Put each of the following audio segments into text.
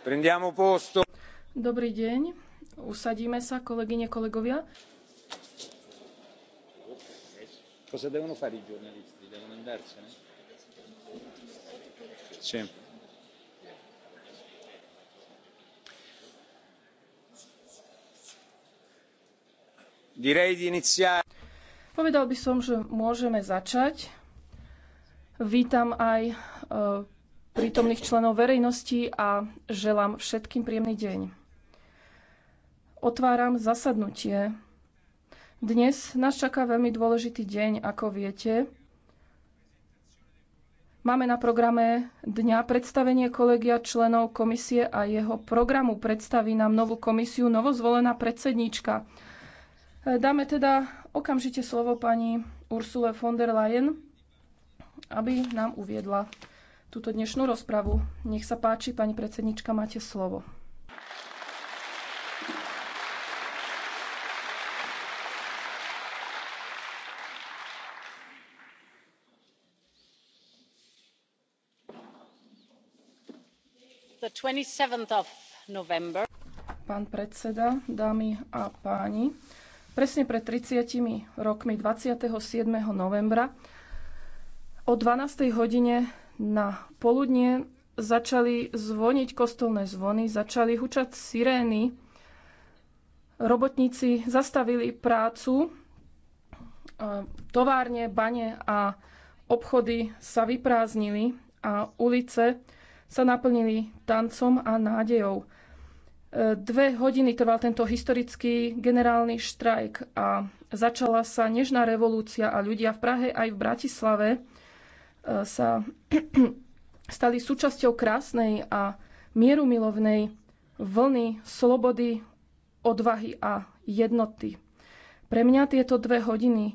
Prendiamo posto. Dobrý deň. Usadíme sa, kolegyne, kolegovia. Cosa devono fare i giornalisti? Devono andarsene? Sì. Direi di iniziare. Povedal by som, že môžeme začať. Vítam aj eh, prítomných členov verejnosti a želám všetkým príjemný deň. Otváram zasadnutie. Dnes nás čaká veľmi dôležitý deň, ako viete. Máme na programe dňa predstavenie kolegia členov komisie a jeho programu predstaví nám novú komisiu novozvolená predsedníčka. Dáme teda okamžite slovo pani Ursule von der Leyen, aby nám uviedla túto dnešnú rozpravu. Nech sa páči, pani predsednička, máte slovo. Pán predseda, dámy a páni, presne pred 30 rokmi 27. novembra o 12. hodine na poludnie začali zvoniť kostolné zvony, začali hučať sirény. Robotníci zastavili prácu, e, továrne, bane a obchody sa vyprázdnili a ulice sa naplnili tancom a nádejou. E, dve hodiny trval tento historický generálny štrajk a začala sa nežná revolúcia a ľudia v Prahe aj v Bratislave E, sa stali súčasťou krásnej a mierumilovnej vlny slobody, odvahy a jednoty. Pre mňa tieto dve hodiny e,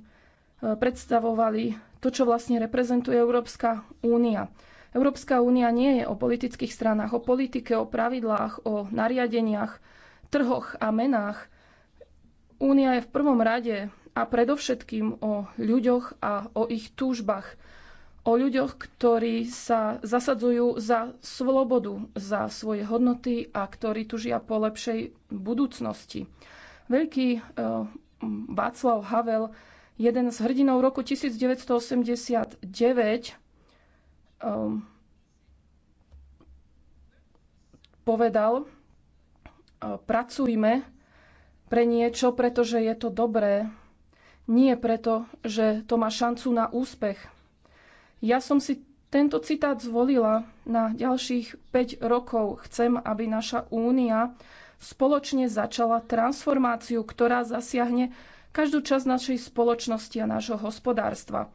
predstavovali to, čo vlastne reprezentuje Európska únia. Európska únia nie je o politických stranách, o politike, o pravidlách, o nariadeniach, trhoch a menách. Únia je v prvom rade a predovšetkým o ľuďoch a o ich túžbách o ľuďoch, ktorí sa zasadzujú za slobodu, za svoje hodnoty a ktorí tužia po lepšej budúcnosti. Veľký e, Václav Havel, jeden z hrdinov roku 1989, e, povedal, e, pracujme pre niečo, pretože je to dobré, nie preto, že to má šancu na úspech – ja som si tento citát zvolila na ďalších 5 rokov. Chcem, aby naša únia spoločne začala transformáciu, ktorá zasiahne každú časť našej spoločnosti a nášho hospodárstva.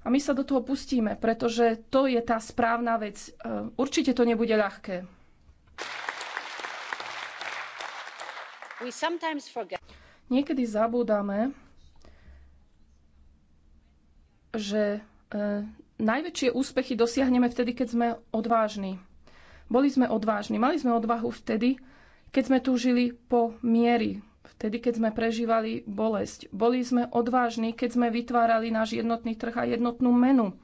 A my sa do toho pustíme, pretože to je tá správna vec. Ehm, určite to nebude ľahké. Niekedy zabúdame, že ehm, najväčšie úspechy dosiahneme vtedy, keď sme odvážni. Boli sme odvážni, mali sme odvahu vtedy, keď sme tu žili po miery, vtedy, keď sme prežívali bolesť. Boli sme odvážni, keď sme vytvárali náš jednotný trh a jednotnú menu.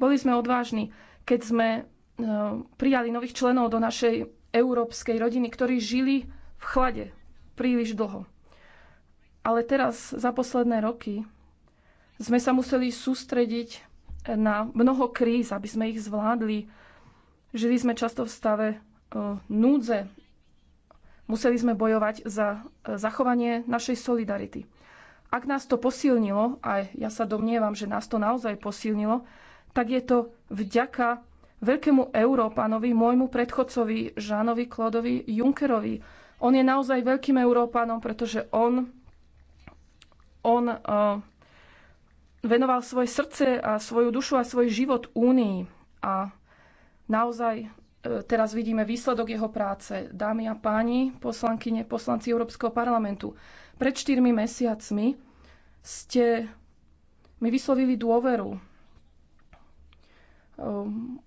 Boli sme odvážni, keď sme e, prijali nových členov do našej európskej rodiny, ktorí žili v chlade príliš dlho. Ale teraz, za posledné roky, sme sa museli sústrediť na mnoho kríz, aby sme ich zvládli. Žili sme často v stave e, núdze. Museli sme bojovať za e, zachovanie našej solidarity. Ak nás to posilnilo, a ja sa domnievam, že nás to naozaj posilnilo, tak je to vďaka veľkému Európanovi, môjmu predchodcovi, Žánovi Klodovi Junkerovi. On je naozaj veľkým Európanom, pretože on, on uh, venoval svoje srdce a svoju dušu a svoj život Únii. A naozaj e, teraz vidíme výsledok jeho práce. Dámy a páni, poslankyne, poslanci Európskeho parlamentu, pred štyrmi mesiacmi ste mi vyslovili dôveru. Ehm,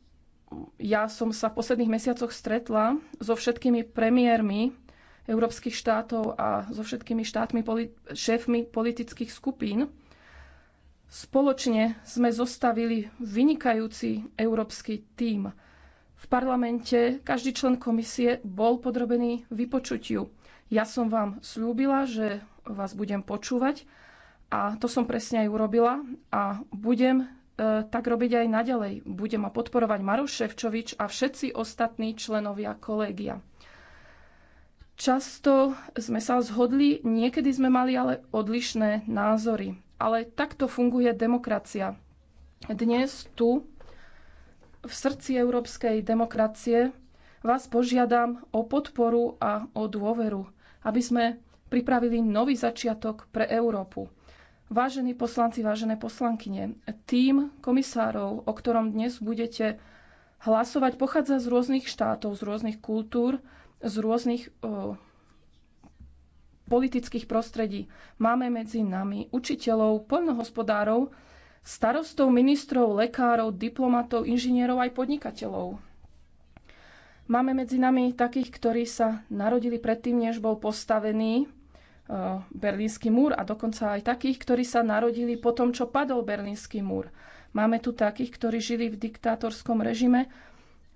ja som sa v posledných mesiacoch stretla so všetkými premiérmi európskych štátov a so všetkými štátmi, šéfmi politických skupín Spoločne sme zostavili vynikajúci európsky tím. V parlamente každý člen komisie bol podrobený vypočutiu. Ja som vám slúbila, že vás budem počúvať a to som presne aj urobila a budem e, tak robiť aj naďalej. Bude ma podporovať Maroš Ševčovič a všetci ostatní členovia kolégia. Často sme sa zhodli, niekedy sme mali ale odlišné názory. Ale takto funguje demokracia. Dnes tu, v srdci európskej demokracie, vás požiadam o podporu a o dôveru, aby sme pripravili nový začiatok pre Európu. Vážení poslanci, vážené poslankyne, tým komisárov, o ktorom dnes budete hlasovať, pochádza z rôznych štátov, z rôznych kultúr, z rôznych politických prostredí. Máme medzi nami učiteľov, poľnohospodárov, starostov, ministrov, lekárov, diplomatov, inžinierov aj podnikateľov. Máme medzi nami takých, ktorí sa narodili predtým, než bol postavený e, Berlínsky múr a dokonca aj takých, ktorí sa narodili po tom, čo padol Berlínsky múr. Máme tu takých, ktorí žili v diktátorskom režime,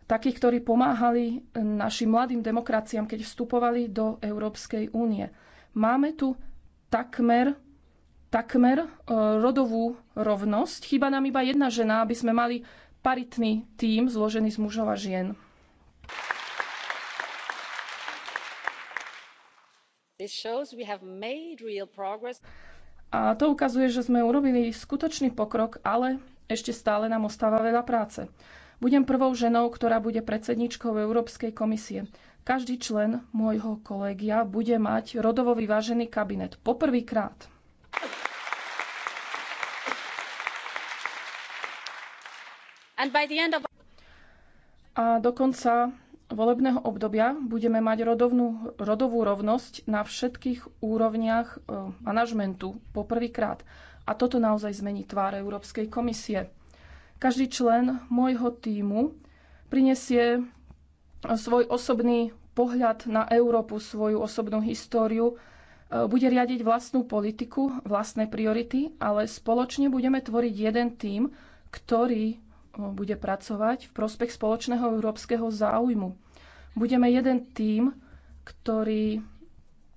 takých, ktorí pomáhali našim mladým demokraciám, keď vstupovali do Európskej únie. Máme tu takmer, takmer e, rodovú rovnosť. Chýba nám iba jedna žena, aby sme mali paritný tím zložený z mužov a žien. A to ukazuje, že sme urobili skutočný pokrok, ale ešte stále nám ostáva veľa práce. Budem prvou ženou, ktorá bude predsedničkou Európskej komisie. Každý člen môjho kolegia bude mať rodovo vyvážený kabinet. Poprvýkrát. A do konca volebného obdobia budeme mať rodovnú, rodovú rovnosť na všetkých úrovniach e, manažmentu poprvýkrát. A toto naozaj zmení tvár Európskej komisie. Každý člen môjho týmu prinesie svoj osobný pohľad na Európu, svoju osobnú históriu, e, bude riadiť vlastnú politiku, vlastné priority, ale spoločne budeme tvoriť jeden tím, ktorý e, bude pracovať v prospech spoločného európskeho záujmu. Budeme jeden tím, ktorý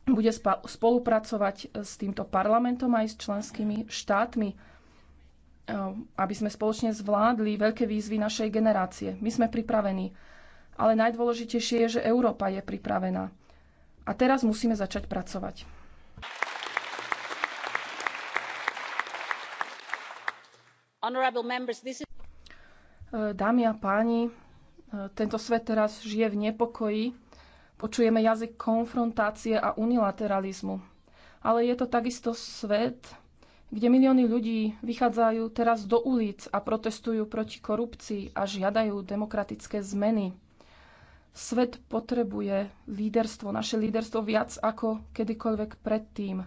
bude spolupracovať e, s týmto parlamentom aj s členskými štátmi, aby sme spoločne zvládli veľké výzvy našej generácie. My sme pripravení ale najdôležitejšie je, že Európa je pripravená. A teraz musíme začať pracovať. Eh, dámy a páni, eh, tento svet teraz žije v nepokoji. Počujeme jazyk konfrontácie a unilateralizmu. Ale je to takisto svet, kde milióny ľudí vychádzajú teraz do ulic a protestujú proti korupcii a žiadajú demokratické zmeny. Svet potrebuje líderstvo, naše líderstvo viac ako kedykoľvek predtým.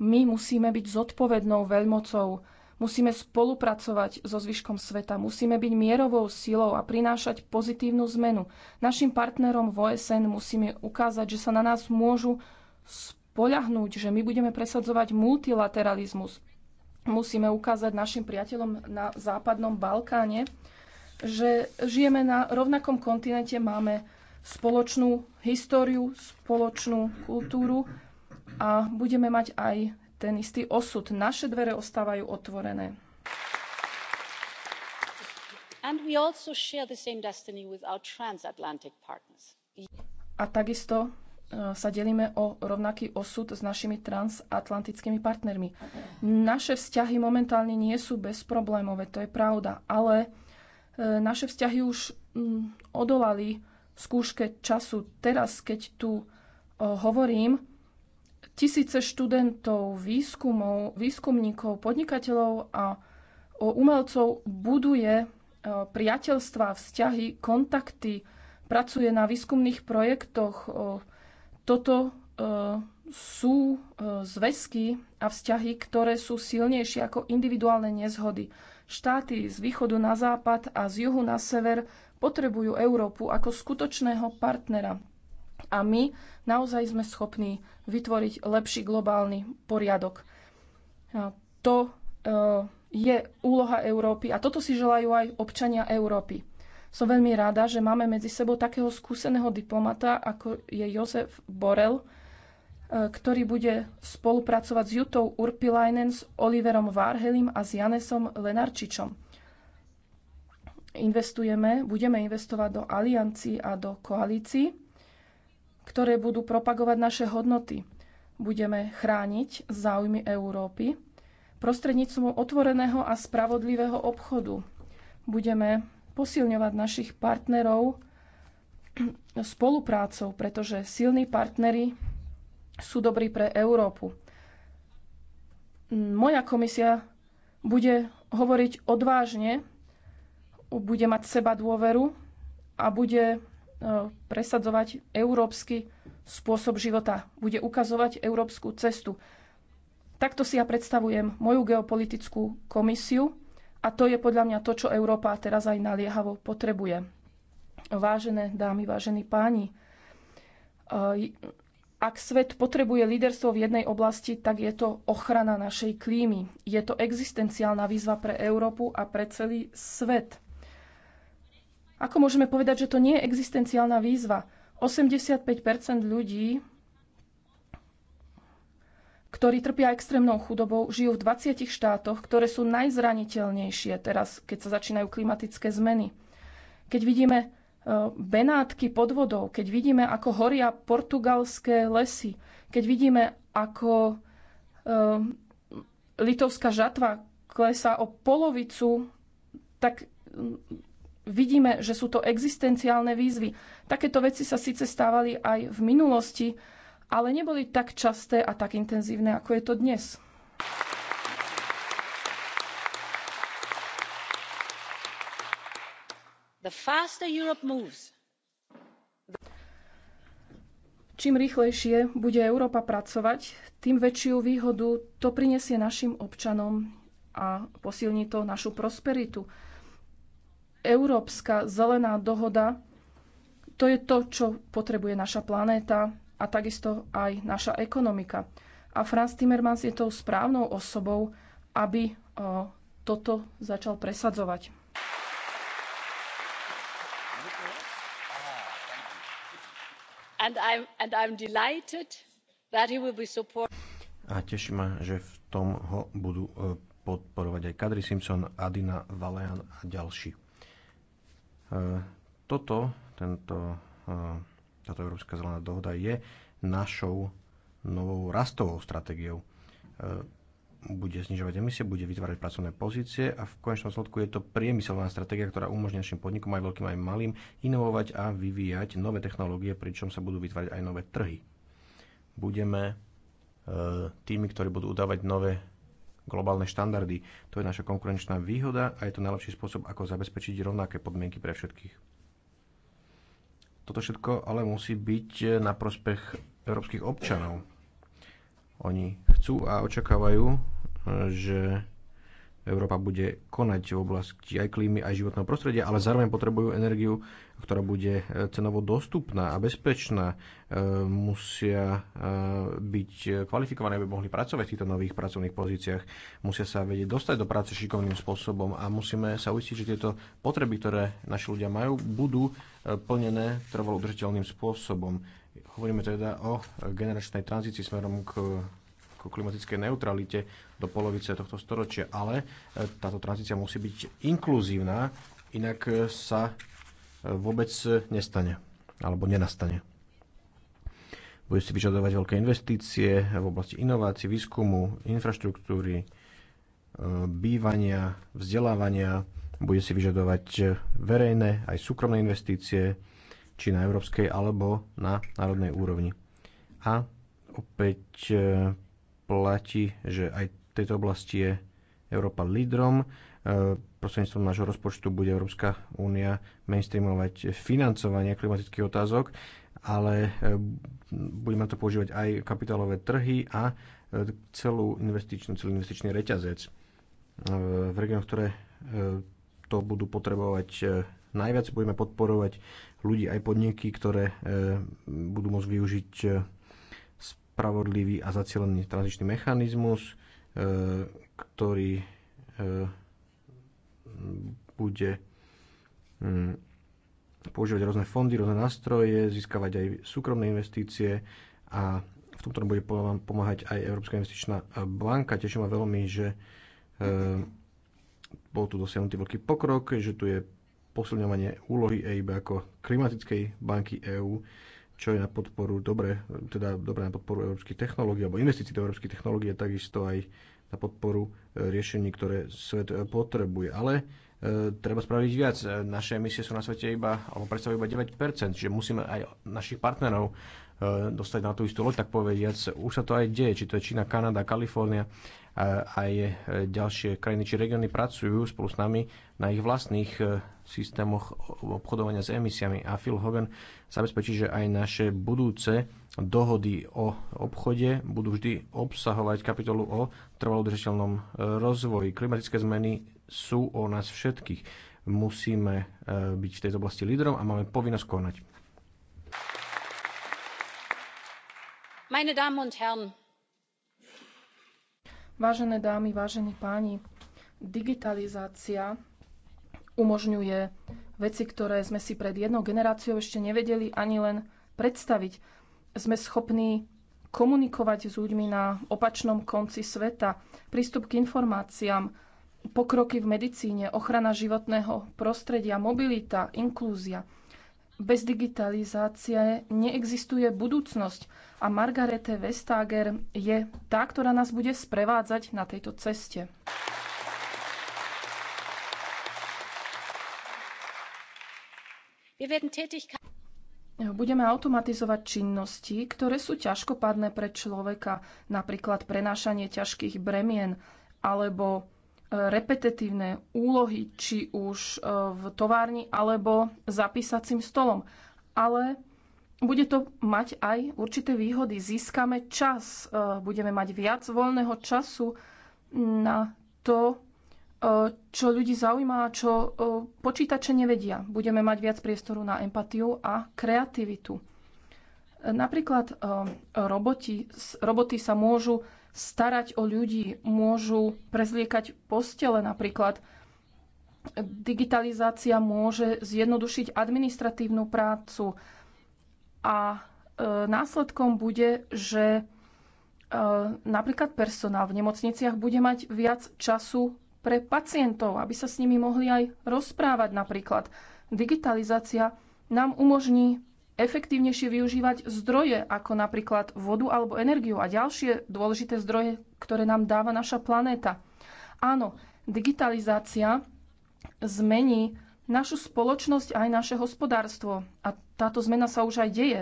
My musíme byť zodpovednou veľmocou, musíme spolupracovať so zvyškom sveta, musíme byť mierovou silou a prinášať pozitívnu zmenu. Našim partnerom v OSN musíme ukázať, že sa na nás môžu spoľahnúť, že my budeme presadzovať multilateralizmus. Musíme ukázať našim priateľom na západnom Balkáne, že žijeme na rovnakom kontinente, máme spoločnú históriu, spoločnú kultúru a budeme mať aj ten istý osud. Naše dvere ostávajú otvorené. A takisto e, sa delíme o rovnaký osud s našimi transatlantickými partnermi. Naše vzťahy momentálne nie sú bezproblémové, to je pravda, ale E, naše vzťahy už mm, odolali skúške času. Teraz, keď tu e, hovorím, tisíce študentov, výskumov, výskumníkov, podnikateľov a umelcov buduje e, priateľstva, vzťahy, kontakty, pracuje na výskumných projektoch. Toto sú zväzky a vzťahy, ktoré sú silnejšie ako individuálne nezhody. Štáty z východu na západ a z juhu na sever potrebujú Európu ako skutočného partnera. A my naozaj sme schopní vytvoriť lepší globálny poriadok. To e, je úloha Európy a toto si želajú aj občania Európy. Som veľmi rada, že máme medzi sebou takého skúseného diplomata, ako je Jozef Borel, E, ktorý bude spolupracovať s Jutou Urpilainen, s Oliverom Várhelim a s Janesom Lenarčičom. Investujeme, budeme investovať do aliancií a do koalícií, ktoré budú propagovať naše hodnoty. Budeme chrániť záujmy Európy prostredníctvom otvoreného a spravodlivého obchodu. Budeme posilňovať našich partnerov spoluprácou, pretože silní partnery sú dobrí pre Európu. Moja komisia bude hovoriť odvážne, bude mať seba dôveru a bude e, presadzovať európsky spôsob života. Bude ukazovať európsku cestu. Takto si ja predstavujem moju geopolitickú komisiu a to je podľa mňa to, čo Európa teraz aj naliehavo potrebuje. Vážené dámy, vážení páni, e, ak svet potrebuje líderstvo v jednej oblasti, tak je to ochrana našej klímy. Je to existenciálna výzva pre Európu a pre celý svet. Ako môžeme povedať, že to nie je existenciálna výzva? 85 ľudí, ktorí trpia extrémnou chudobou, žijú v 20 štátoch, ktoré sú najzraniteľnejšie teraz, keď sa začínajú klimatické zmeny. Keď vidíme E, Benátky podvodov, keď vidíme, ako horia portugalské lesy, keď vidíme, ako e, litovská žatva klesá o polovicu, tak vidíme, že sú to existenciálne výzvy. Takéto veci sa síce stávali aj v minulosti, ale neboli tak časté a tak intenzívne, ako je to dnes. the faster Europe moves, Čím rýchlejšie bude Európa pracovať, tým väčšiu výhodu to prinesie našim občanom a posilní to našu prosperitu. Európska zelená dohoda to je to, čo potrebuje naša planéta a takisto aj naša ekonomika. A Franz Timmermans je tou správnou osobou, aby toto začal presadzovať. a teší ma, že v tom ho budú e, podporovať aj Kadri Simpson, Adina Valean a ďalší. E, toto, tento, e, táto Európska zelená dohoda je našou novou rastovou stratégiou bude znižovať emisie, bude vytvárať pracovné pozície a v konečnom sledku je to priemyselná stratégia, ktorá umožní našim podnikom aj veľkým aj malým inovovať a vyvíjať nové technológie, pričom sa budú vytvárať aj nové trhy. Budeme e, tými, ktorí budú udávať nové globálne štandardy. To je naša konkurenčná výhoda a je to najlepší spôsob, ako zabezpečiť rovnaké podmienky pre všetkých. Toto všetko ale musí byť na prospech európskych občanov oni chcú a očakávajú, e, že Európa bude konať v oblasti aj klímy, aj životného prostredia, ale zároveň potrebujú energiu, ktorá bude e, cenovo dostupná a bezpečná. E, musia byť kvalifikované, aby mohli pracovať v týchto nových pracovných pozíciách. Musia sa vedieť dostať do práce šikovným spôsobom a musíme sa uistiť, že tieto potreby, ktoré naši ľudia majú, budú plnené trvalo udržateľným spôsobom. Hovoríme teda o generačnej tranzícii smerom k k klimatickej neutralite do polovice tohto storočia. Ale e, táto tranzícia musí byť inkluzívna, inak sa e, vôbec nestane alebo nenastane. Bude si vyžadovať veľké investície v oblasti inovácií, výskumu, infraštruktúry, e, bývania, vzdelávania. Bude si vyžadovať verejné aj súkromné investície, či na európskej alebo na národnej úrovni. A opäť e, platí, že aj v tejto oblasti je Európa lídrom. E, prostredníctvom nášho rozpočtu bude Európska únia mainstreamovať financovanie klimatických otázok, ale e, budeme to používať aj kapitálové trhy a celú investičnú, celý investičný reťazec v regiónoch, ktoré to budú potrebovať najviac, budeme podporovať ľudí aj podniky, ktoré e, budú môcť využiť e, spravodlivý a zacielený tranzičný mechanizmus, e, ktorý bude mm, používať rôzne fondy, rôzne nástroje, získavať aj súkromné investície a v tomto bude pomáhať aj Európska investičná banka. Teším ma veľmi, že bol tu dosiahnutý veľký pokrok, že tu je posilňovanie úlohy EIB ako klimatickej banky EÚ, čo je na podporu dobre, teda dobre na podporu európskych technológií alebo investícií do európskych technológií a takisto aj na podporu e, riešení, ktoré svet e, potrebuje. Ale e, treba spraviť viac. E, naše emisie sú na svete iba, alebo predstavujú iba 9%, čiže musíme aj našich partnerov e, dostať na tú istú loď, tak povediac. Už sa to aj deje, či to je Čína, Kanada, Kalifornia aj ďalšie krajiny či regióny pracujú spolu s nami na ich vlastných e, systémoch obchodovania s emisiami. A Phil Hogan zabezpečí, že aj naše budúce dohody o obchode budú vždy obsahovať kapitolu o trvalo e, rozvoji. Klimatické zmeny sú o nás všetkých. Musíme e, byť v tejto oblasti lídrom a máme povinnosť konať. Meine Damen und Herren, Vážené dámy, vážení páni, digitalizácia umožňuje veci, ktoré sme si pred jednou generáciou ešte nevedeli ani len predstaviť. Sme schopní komunikovať s ľuďmi na opačnom konci sveta, prístup k informáciám, pokroky v medicíne, ochrana životného prostredia, mobilita, inklúzia – bez digitalizácie neexistuje budúcnosť a Margarete Vestager je tá, ktorá nás bude sprevádzať na tejto ceste. Budeme automatizovať činnosti, ktoré sú ťažkopadné pre človeka, napríklad prenášanie ťažkých bremien alebo repetitívne úlohy, či už e, v továrni alebo za písacím stolom. Ale bude to mať aj určité výhody. Získame čas, e, budeme mať viac voľného času na to, e, čo ľudí zaujíma a čo počítače nevedia. Budeme mať viac priestoru na empatiu a kreativitu. Napríklad roboti, roboty sa môžu starať o ľudí, môžu prezliekať postele napríklad. Digitalizácia môže zjednodušiť administratívnu prácu a e, následkom bude, že e, napríklad personál v nemocniciach bude mať viac času pre pacientov, aby sa s nimi mohli aj rozprávať napríklad. Digitalizácia nám umožní efektívnejšie využívať zdroje, ako napríklad vodu alebo energiu a ďalšie dôležité zdroje, ktoré nám dáva naša planéta. Áno, digitalizácia zmení našu spoločnosť aj naše hospodárstvo. A táto zmena sa už aj deje.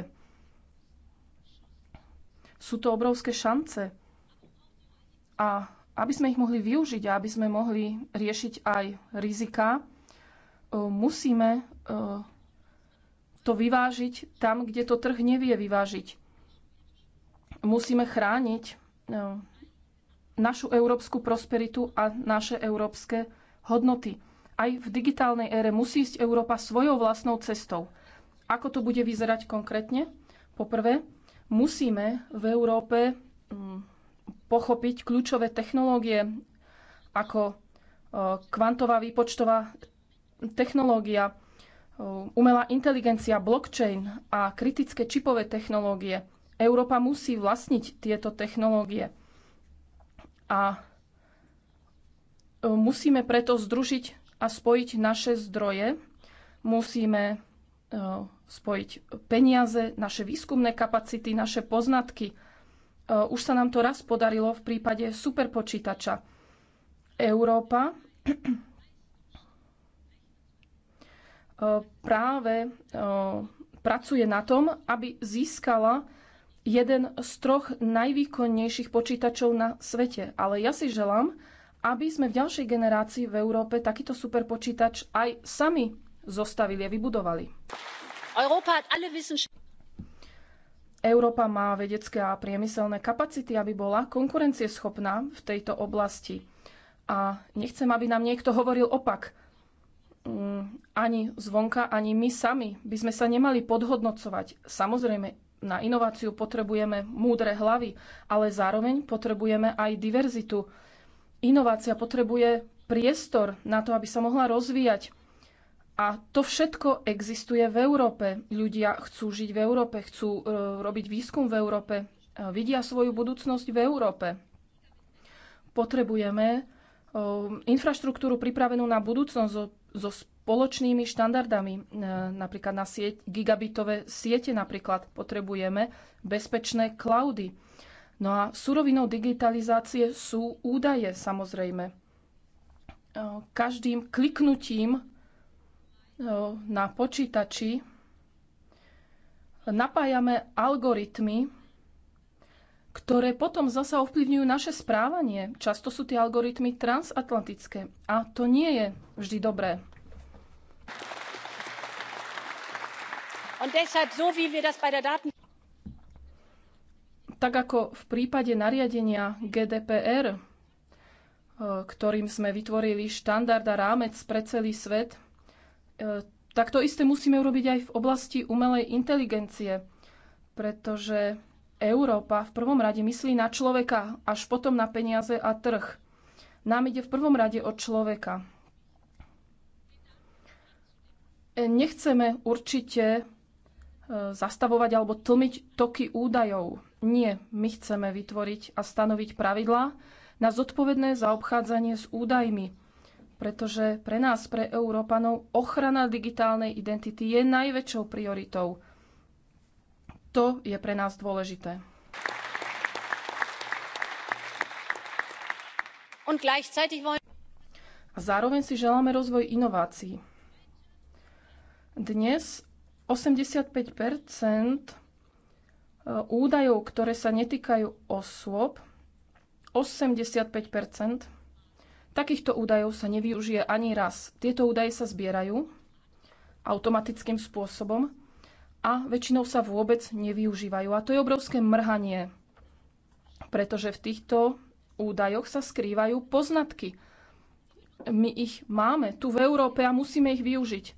Sú to obrovské šance. A aby sme ich mohli využiť a aby sme mohli riešiť aj rizika, e, musíme e, to vyvážiť tam, kde to trh nevie vyvážiť. Musíme chrániť e, našu európsku prosperitu a naše európske hodnoty. Aj v digitálnej ére musí ísť Európa svojou vlastnou cestou. Ako to bude vyzerať konkrétne? Poprvé, musíme v Európe mm, pochopiť kľúčové technológie ako e, kvantová výpočtová technológia, umelá inteligencia, blockchain a kritické čipové technológie. Európa musí vlastniť tieto technológie. A e, musíme preto združiť a spojiť naše zdroje. Musíme e, spojiť peniaze, naše výskumné kapacity, naše poznatky. E, už sa nám to raz podarilo v prípade superpočítača. Európa E, práve e, pracuje na tom, aby získala jeden z troch najvýkonnejších počítačov na svete. Ale ja si želám, aby sme v ďalšej generácii v Európe takýto superpočítač aj sami zostavili a vybudovali. Európa má vedecké a priemyselné kapacity, aby bola konkurencieschopná v tejto oblasti. A nechcem, aby nám niekto hovoril opak. Mm, ani zvonka, ani my sami by sme sa nemali podhodnocovať. Samozrejme, na inováciu potrebujeme múdre hlavy, ale zároveň potrebujeme aj diverzitu. Inovácia potrebuje priestor na to, aby sa mohla rozvíjať. A to všetko existuje v Európe. Ľudia chcú žiť v Európe, chcú e, robiť výskum v Európe, e, vidia svoju budúcnosť v Európe. Potrebujeme e, infraštruktúru pripravenú na budúcnosť so spoločnými štandardami, e, napríklad na sieť, gigabitové siete napríklad potrebujeme bezpečné cloudy. No a surovinou digitalizácie sú údaje samozrejme. E, každým kliknutím e, na počítači napájame algoritmy, ktoré potom zasa ovplyvňujú naše správanie. Často sú tie algoritmy transatlantické a to nie je vždy dobré. Tak ako v prípade nariadenia GDPR, eh, ktorým sme vytvorili štandard a rámec pre celý svet, eh, tak to isté musíme urobiť aj v oblasti umelej inteligencie, pretože Európa v prvom rade myslí na človeka, až potom na peniaze a trh. Nám ide v prvom rade o človeka. Nechceme určite e, zastavovať alebo tlmiť toky údajov. Nie, my chceme vytvoriť a stanoviť pravidlá na zodpovedné zaobchádzanie s údajmi, pretože pre nás, pre Európanov, ochrana digitálnej identity je najväčšou prioritou – to je pre nás dôležité. A zároveň si želáme rozvoj inovácií. Dnes 85 e, údajov, ktoré sa netýkajú osôb, 85 takýchto údajov sa nevyužije ani raz. Tieto údaje sa zbierajú automatickým spôsobom a väčšinou sa vôbec nevyužívajú. A to je obrovské mrhanie, pretože v týchto údajoch sa skrývajú poznatky. My ich máme tu v Európe a musíme ich využiť.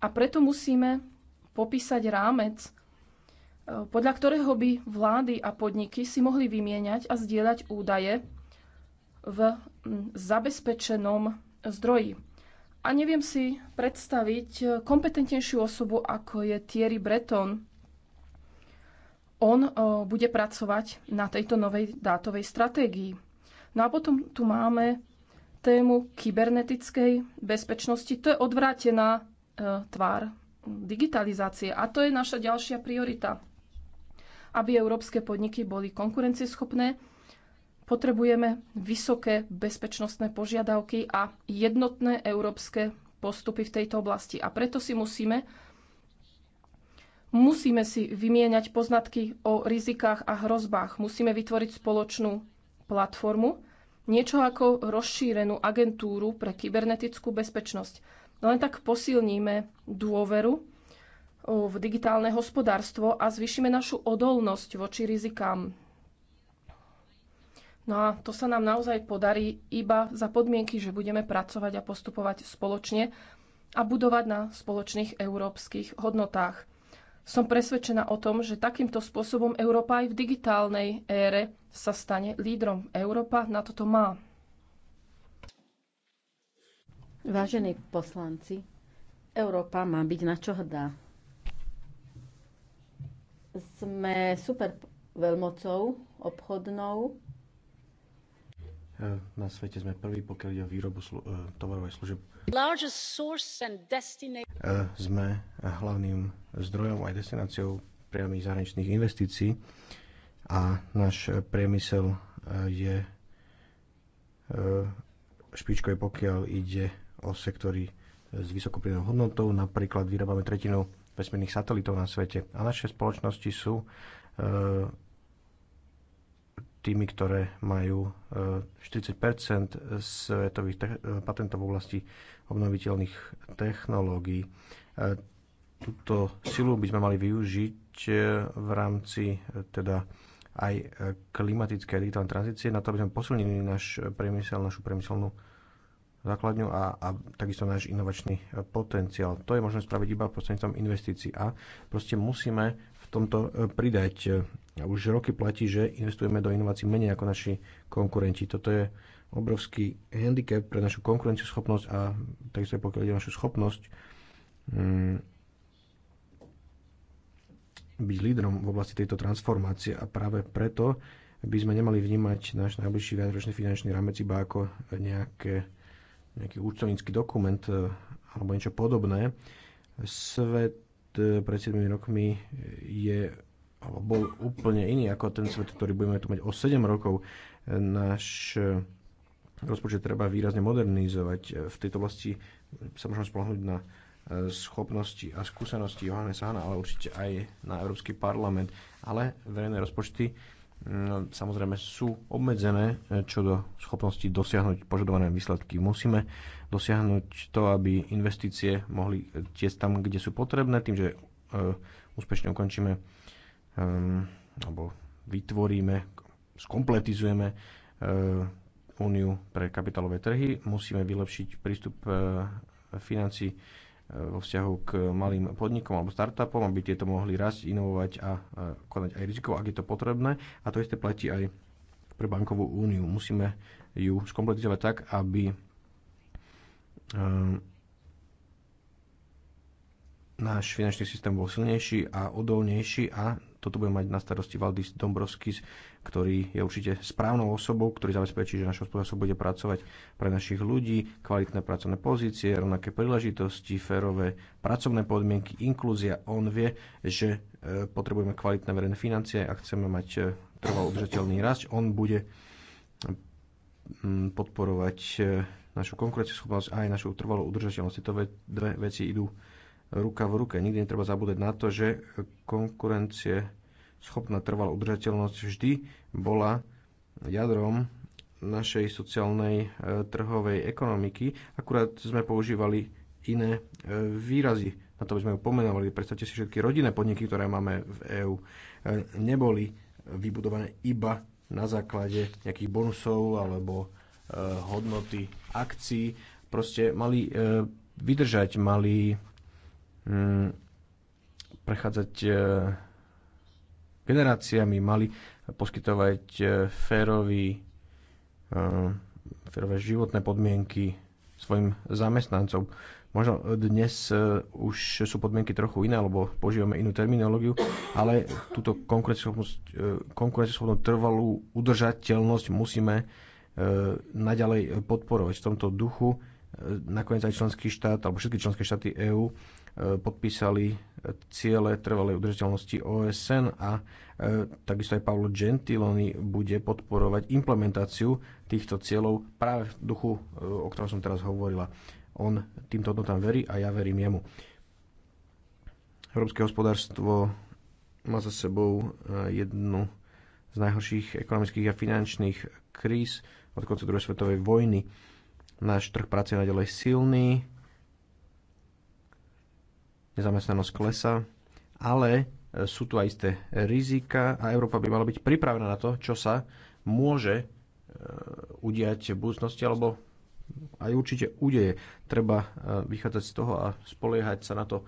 A preto musíme popísať rámec, e, podľa ktorého by vlády a podniky si mohli vymieňať a zdieľať údaje v zabezpečenom zdroji. A neviem si predstaviť eh, kompetentnejšiu osobu, ako je Thierry Breton. On eh, bude pracovať na tejto novej dátovej stratégii. No a potom tu máme tému kybernetickej bezpečnosti. To je odvrátená eh, tvár digitalizácie a to je naša ďalšia priorita. Aby európske podniky boli konkurencieschopné, Potrebujeme vysoké bezpečnostné požiadavky a jednotné európske postupy v tejto oblasti. A preto si musíme Musíme si vymieňať poznatky o rizikách a hrozbách. Musíme vytvoriť spoločnú platformu, niečo ako rozšírenú agentúru pre kybernetickú bezpečnosť. Len tak posilníme dôveru v digitálne hospodárstvo a zvýšime našu odolnosť voči rizikám. No a to sa nám naozaj podarí iba za podmienky, že budeme pracovať a postupovať spoločne a budovať na spoločných európskych hodnotách. Som presvedčená o tom, že takýmto spôsobom Európa aj v digitálnej ére sa stane lídrom. Európa na toto má. Vážení poslanci, Európa má byť na čo hrdá. Sme super veľmocou obchodnou, na svete sme prví, pokiaľ ide o výrobu slu- e, tovarov a služieb. E, sme hlavným zdrojom aj destináciou priamých zahraničných investícií a náš priemysel e, je špičkový, pokiaľ ide o sektory s vysokoprídenou hodnotou. Napríklad vyrábame tretinu vesmírnych satelitov na svete. A naše spoločnosti sú tými, ktoré majú 40 e, svetových e, patentov v oblasti obnoviteľných technológií. E, túto silu by sme mali využiť v rámci teda aj klimatické a digitálnej tranzície na to, aby sme posilnili náš priemysel, našu priemyselnú základňu a, a takisto náš inovačný e, potenciál. To je možné spraviť iba prostredníctvom investícií a proste musíme v tomto e, pridať. E, už roky platí, že investujeme do inovácií menej ako naši konkurenti. Toto je obrovský handicap pre našu konkurencieschopnosť a takisto aj pokiaľ ide našu schopnosť hmm, byť lídrom v oblasti tejto transformácie a práve preto by sme nemali vnímať náš najbližší viacročný finančný rámec iba ako nejaké nejaký účtovnícky dokument e, alebo niečo podobné. Svet e, pred 7 rokmi je alebo bol úplne iný ako ten svet, ktorý budeme tu mať o 7 rokov. E, náš rozpočet treba výrazne modernizovať. V tejto oblasti sa môžeme spolahnuť na schopnosti a skúsenosti Johannesa Hanna, ale určite aj na Európsky parlament. Ale verejné rozpočty No, samozrejme sú obmedzené e, čo do schopnosti dosiahnuť požadované výsledky. Musíme dosiahnuť to, aby investície mohli e, tiesť tam, kde sú potrebné, tým, že e, úspešne ukončíme ehm, alebo vytvoríme, skompletizujeme úniu pre kapitálové trhy. Musíme vylepšiť prístup financí vo vzťahu k malým podnikom alebo startupom, aby tieto mohli rásť, inovovať a konať aj riziko, ak je to potrebné. A to isté platí aj pre bankovú úniu. Musíme ju skompletizovať tak, aby ehm, náš finančný systém bol silnejší a odolnejší a toto bude mať na starosti Valdis Dombrovskis, ktorý je určite správnou osobou, ktorý zabezpečí, že naša hospodárstvo bude pracovať pre našich ľudí, kvalitné pracovné pozície, rovnaké príležitosti, férové pracovné podmienky, inklúzia. On vie, že e, potrebujeme kvalitné verejné financie a chceme mať e, trvalo udržateľný rast. On bude mm, podporovať e, našu konkurencieschopnosť a aj našu trvalú udržateľnosť. Tieto dve veci idú ruka v ruke. Nikdy netreba zabúdať na to, že konkurencie schopná trvalá udržateľnosť vždy bola jadrom našej sociálnej e, trhovej ekonomiky. Akurát sme používali iné e, výrazy na to, by sme ju pomenovali. Predstavte si všetky rodinné podniky, ktoré máme v EÚ, e, neboli vybudované iba na základe nejakých bonusov alebo hodnoty akcií. Proste mali vydržať, mali Mm, prechádzať e, generáciami, mali poskytovať e, férový, e, férové životné podmienky svojim zamestnancom. Možno dnes už sú podmienky trochu iné, alebo požívame inú terminológiu, ale túto konkurenceschopnú trvalú udržateľnosť musíme naďalej podporovať. V tomto duchu nakoniec aj členský štát, alebo všetky členské štáty EÚ podpísali ciele trvalej udržateľnosti OSN a e, takisto aj Paolo Gentiloni bude podporovať implementáciu týchto cieľov práve v duchu, e, o ktorom som teraz hovorila. On týmto hodnotám verí a ja verím jemu. Európske hospodárstvo má za sebou e, jednu z najhorších ekonomických a finančných kríz od konca druhej svetovej vojny. Náš trh práce je nadalej silný, nezamestnanosť klesa, ale e, sú tu aj isté rizika a Európa by mala byť pripravená na to, čo sa môže e, udiať v budúcnosti alebo aj určite udeje. Treba e, vychádzať z toho a spoliehať sa na to,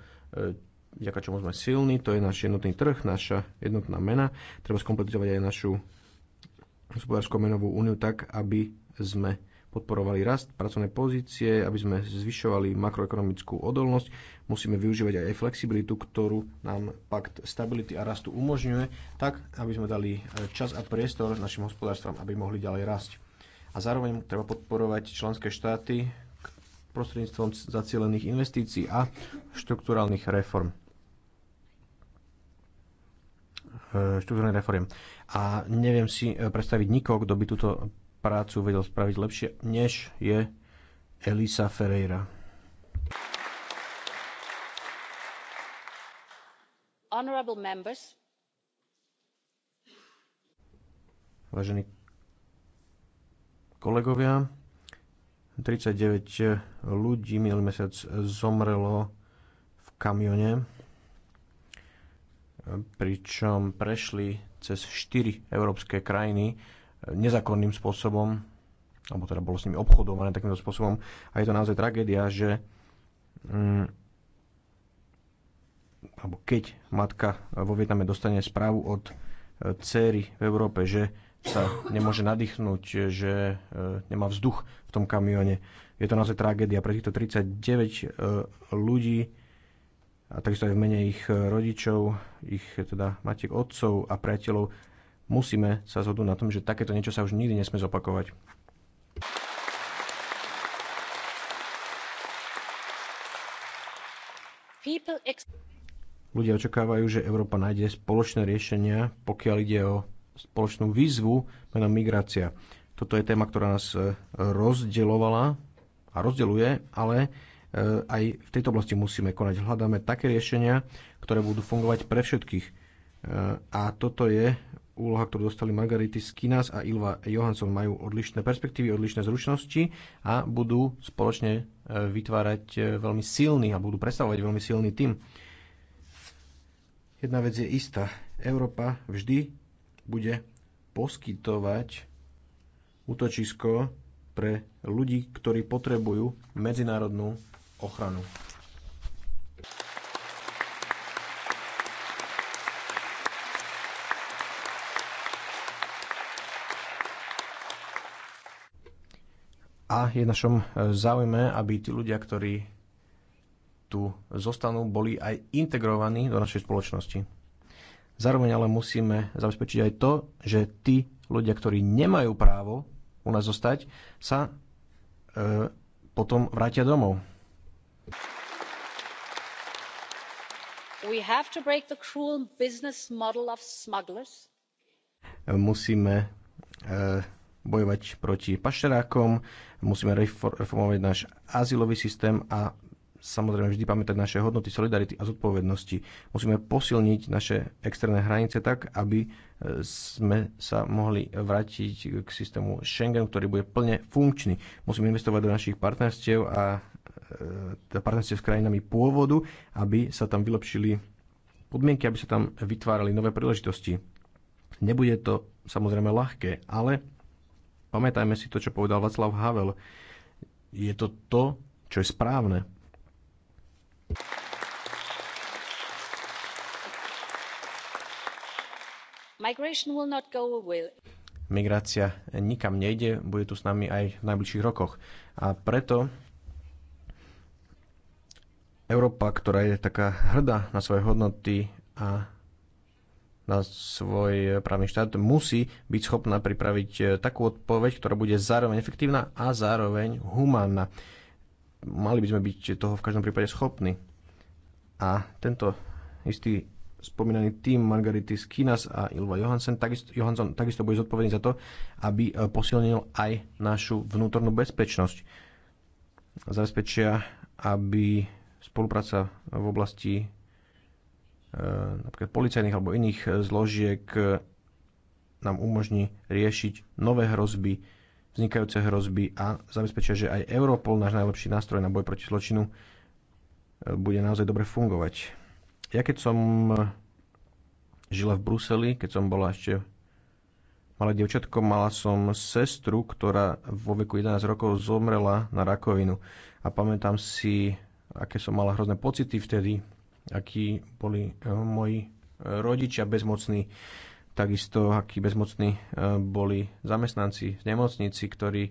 vďaka čomu sme silní, to je náš jednotný trh, naša jednotná mena. Treba skompletizovať aj našu hospodárskú menovú úniu tak, aby sme podporovali rast, pracovné pozície, aby sme zvyšovali makroekonomickú odolnosť. Musíme využívať aj flexibilitu, ktorú nám pakt stability a rastu umožňuje, tak aby sme dali e, čas a priestor našim hospodárstvom, aby mohli ďalej rásť. A zároveň treba podporovať členské štáty prostredníctvom zacielených investícií a štruktúrálnych reform e, štruktúrnej reform. A neviem si e, predstaviť nikoho, kto by túto prácu vedel spraviť lepšie, než je Elisa Ferreira. Honorable members. Vážení kolegovia, 39 ľudí minulý mesiac zomrelo v kamione, pričom prešli cez 4 európske krajiny nezákonným spôsobom, alebo teda bolo s nimi obchodované takýmto spôsobom. A je to naozaj tragédia, že mm, alebo keď matka vo Vietname dostane správu od e, céry v Európe, že sa nemôže nadýchnuť, že e, nemá vzduch v tom kamióne. Je to naozaj tragédia pre týchto 39 e, ľudí a takisto aj v mene ich rodičov, ich teda matiek otcov a priateľov musíme sa zhodnúť na tom, že takéto niečo sa už nikdy nesme zopakovať. Ľudia očakávajú, že Európa nájde spoločné riešenia, pokiaľ ide o spoločnú výzvu menom migrácia. Toto je téma, ktorá nás e, rozdielovala a rozdeluje, ale e, aj v tejto oblasti musíme konať. Hľadáme také riešenia, ktoré budú fungovať pre všetkých E, a toto je úloha, ktorú dostali Margarity Skinas a Ilva Johansson. Majú odlišné perspektívy, odlišné zručnosti a budú spoločne e, vytvárať e, veľmi silný a budú predstavovať veľmi silný tým. Jedna vec je istá. Európa vždy bude poskytovať útočisko pre ľudí, ktorí potrebujú medzinárodnú ochranu. A je našom e, záujme, aby tí ľudia, ktorí tu zostanú, boli aj integrovaní do našej spoločnosti. Zároveň ale musíme zabezpečiť aj to, že tí ľudia, ktorí nemajú právo u nás zostať, sa e, potom vrátia domov. We have to break the cruel business model of smugglers. Musíme e, bojovať proti pašerákom, musíme reformovať náš azylový systém a samozrejme vždy pamätať naše hodnoty solidarity a zodpovednosti. Musíme posilniť naše externé hranice tak, aby e, sme sa mohli vrátiť k systému Schengen, ktorý bude plne funkčný. Musíme investovať do našich partnerstiev a teda partnerstiev s krajinami pôvodu, aby sa tam vylepšili podmienky, aby sa tam vytvárali nové príležitosti. Nebude to samozrejme ľahké, ale Pamätajme si to, čo povedal Václav Havel. Je to to, čo je správne. Migration will not go away migrácia nikam nejde, bude tu s nami aj v najbližších rokoch. A preto Európa, ktorá je taká hrdá na svoje hodnoty a na svoj právny štát, musí byť schopná pripraviť eh, takú odpoveď, ktorá bude zároveň efektívna a zároveň humánna. Mali by sme byť toho v každom prípade schopní. A tento istý spomínaný tým Margarity Skinas a Ilva Johansen takisto, Johansson takisto bude zodpovedný za to, aby eh, posilnil aj našu vnútornú bezpečnosť. Zabezpečia, aby spolupráca v oblasti Eh, napríklad policajných alebo iných eh, zložiek eh, nám umožní riešiť nové hrozby, vznikajúce hrozby a zabezpečia, že aj Europol, náš najlepší nástroj na boj proti zločinu, bude naozaj dobre fungovať. Ja keď som žila v Bruseli, keď som bola ešte malé dievčatko, mala som sestru, ktorá vo veku 11 rokov zomrela na rakovinu. A pamätám si, aké som mala hrozné pocity vtedy, akí boli eh, moji eh, rodičia bezmocní, takisto akí bezmocní eh, boli zamestnanci v nemocnici, ktorí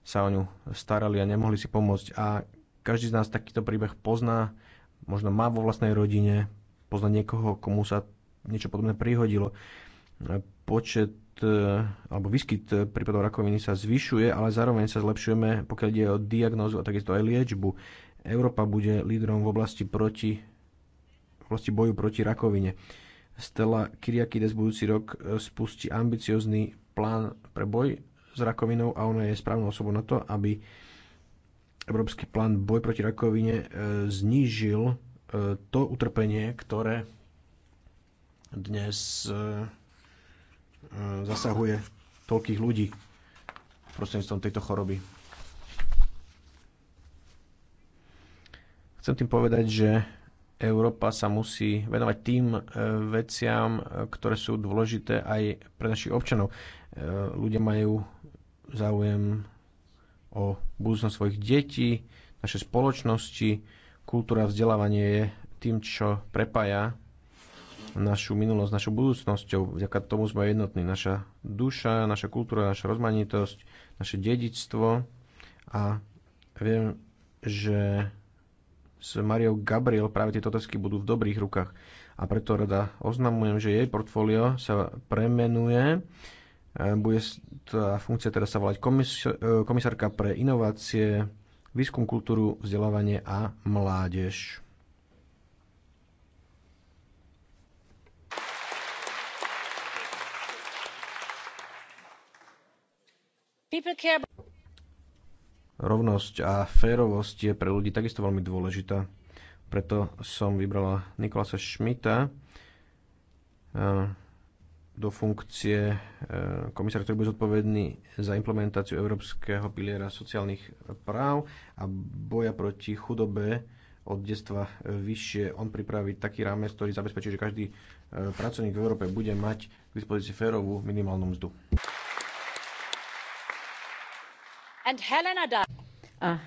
sa o ňu starali a nemohli si pomôcť. A každý z nás takýto príbeh pozná, možno má vo vlastnej rodine, pozná niekoho, komu sa niečo podobné prihodilo. Počet alebo výskyt prípadov rakoviny sa zvyšuje, ale zároveň sa zlepšujeme, pokiaľ ide o diagnózu a takisto aj liečbu. Európa bude lídrom v oblasti proti proti boju proti rakovine. Stella Kyriakides budúci rok e, spustí ambiciozný plán pre boj s rakovinou a ona je správnou osoba na to, aby Európsky plán boj proti rakovine e, znížil e, to utrpenie, ktoré dnes zasahuje toľkých ľudí prostredníctvom tejto choroby. Chcem tým povedať, že Európa sa musí venovať tým e, veciam, e, ktoré sú dôležité aj pre našich občanov. E, ľudia majú záujem o budúcnosť svojich detí, naše spoločnosti, kultúra vzdelávanie je tým, čo prepája našu minulosť, našou budúcnosťou. Vďaka tomu sme jednotní. Naša duša, naša kultúra, naša rozmanitosť, naše dedictvo. a viem, že s Mariou Gabriel práve tieto otázky budú v dobrých rukách. A preto rada oznamujem, že jej portfólio sa premenuje. E, bude tá funkcia teda sa volať e, komisárka pre inovácie, výskum, kultúru, vzdelávanie a mládež. People care rovnosť a férovosť je pre ľudí takisto veľmi dôležitá. Preto som vybrala Nikolasa Šmita eh, do funkcie eh, komisára, ktorý bude zodpovedný za implementáciu Európskeho piliera sociálnych práv a boja proti chudobe od detstva vyššie. On pripraví taký rámec, ktorý zabezpečí, že každý eh, pracovník v Európe bude mať k dispozícii férovú minimálnu mzdu a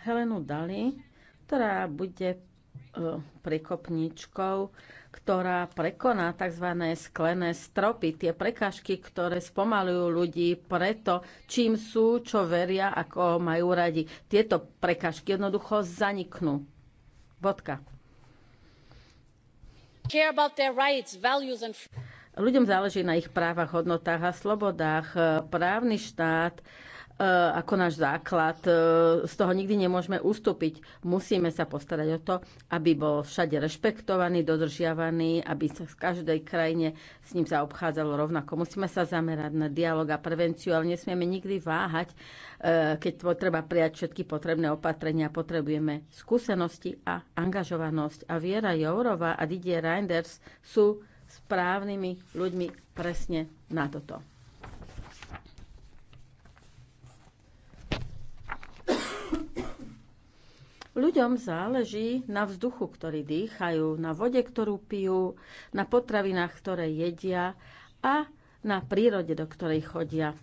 Helenu Dali, ktorá bude e, prekopničkou, ktorá prekoná tzv. sklené stropy, tie prekážky, ktoré spomalujú ľudí preto, čím sú, čo veria, ako majú radi. Tieto prekážky jednoducho zaniknú. Bodka. Ľuďom záleží na ich právach, hodnotách a slobodách. E, právny štát E, ako náš základ. E, z toho nikdy nemôžeme ustúpiť. Musíme sa postarať o to, aby bol všade rešpektovaný, dodržiavaný, aby sa v každej krajine s ním zaobchádzalo rovnako. Musíme sa zamerať na dialog a prevenciu, ale nesmieme nikdy váhať, e, keď treba prijať všetky potrebné opatrenia. Potrebujeme skúsenosti a angažovanosť. A Viera Jourová a Didier Reinders sú správnymi ľuďmi presne na toto. Ľuďom záleží na vzduchu, ktorý dýchajú, na vode, ktorú pijú, na potravinách, ktoré jedia a na prírode, do ktorej chodia.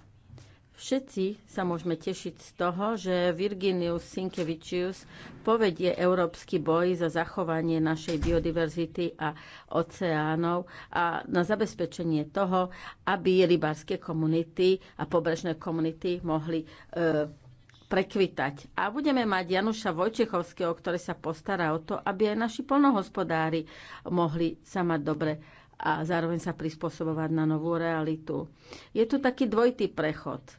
Všetci sa môžeme tešiť z toho, že Virginius Sinkevičius povedie európsky boj za zachovanie našej biodiverzity a oceánov a na zabezpečenie toho, aby rybárske komunity a pobrežné komunity mohli e, prekvitať. A budeme mať Januša Vojčechovského, ktorý sa postará o to, aby aj naši plnohospodári mohli sa mať dobre a zároveň sa prispôsobovať na novú realitu. Je tu taký dvojitý prechod. E,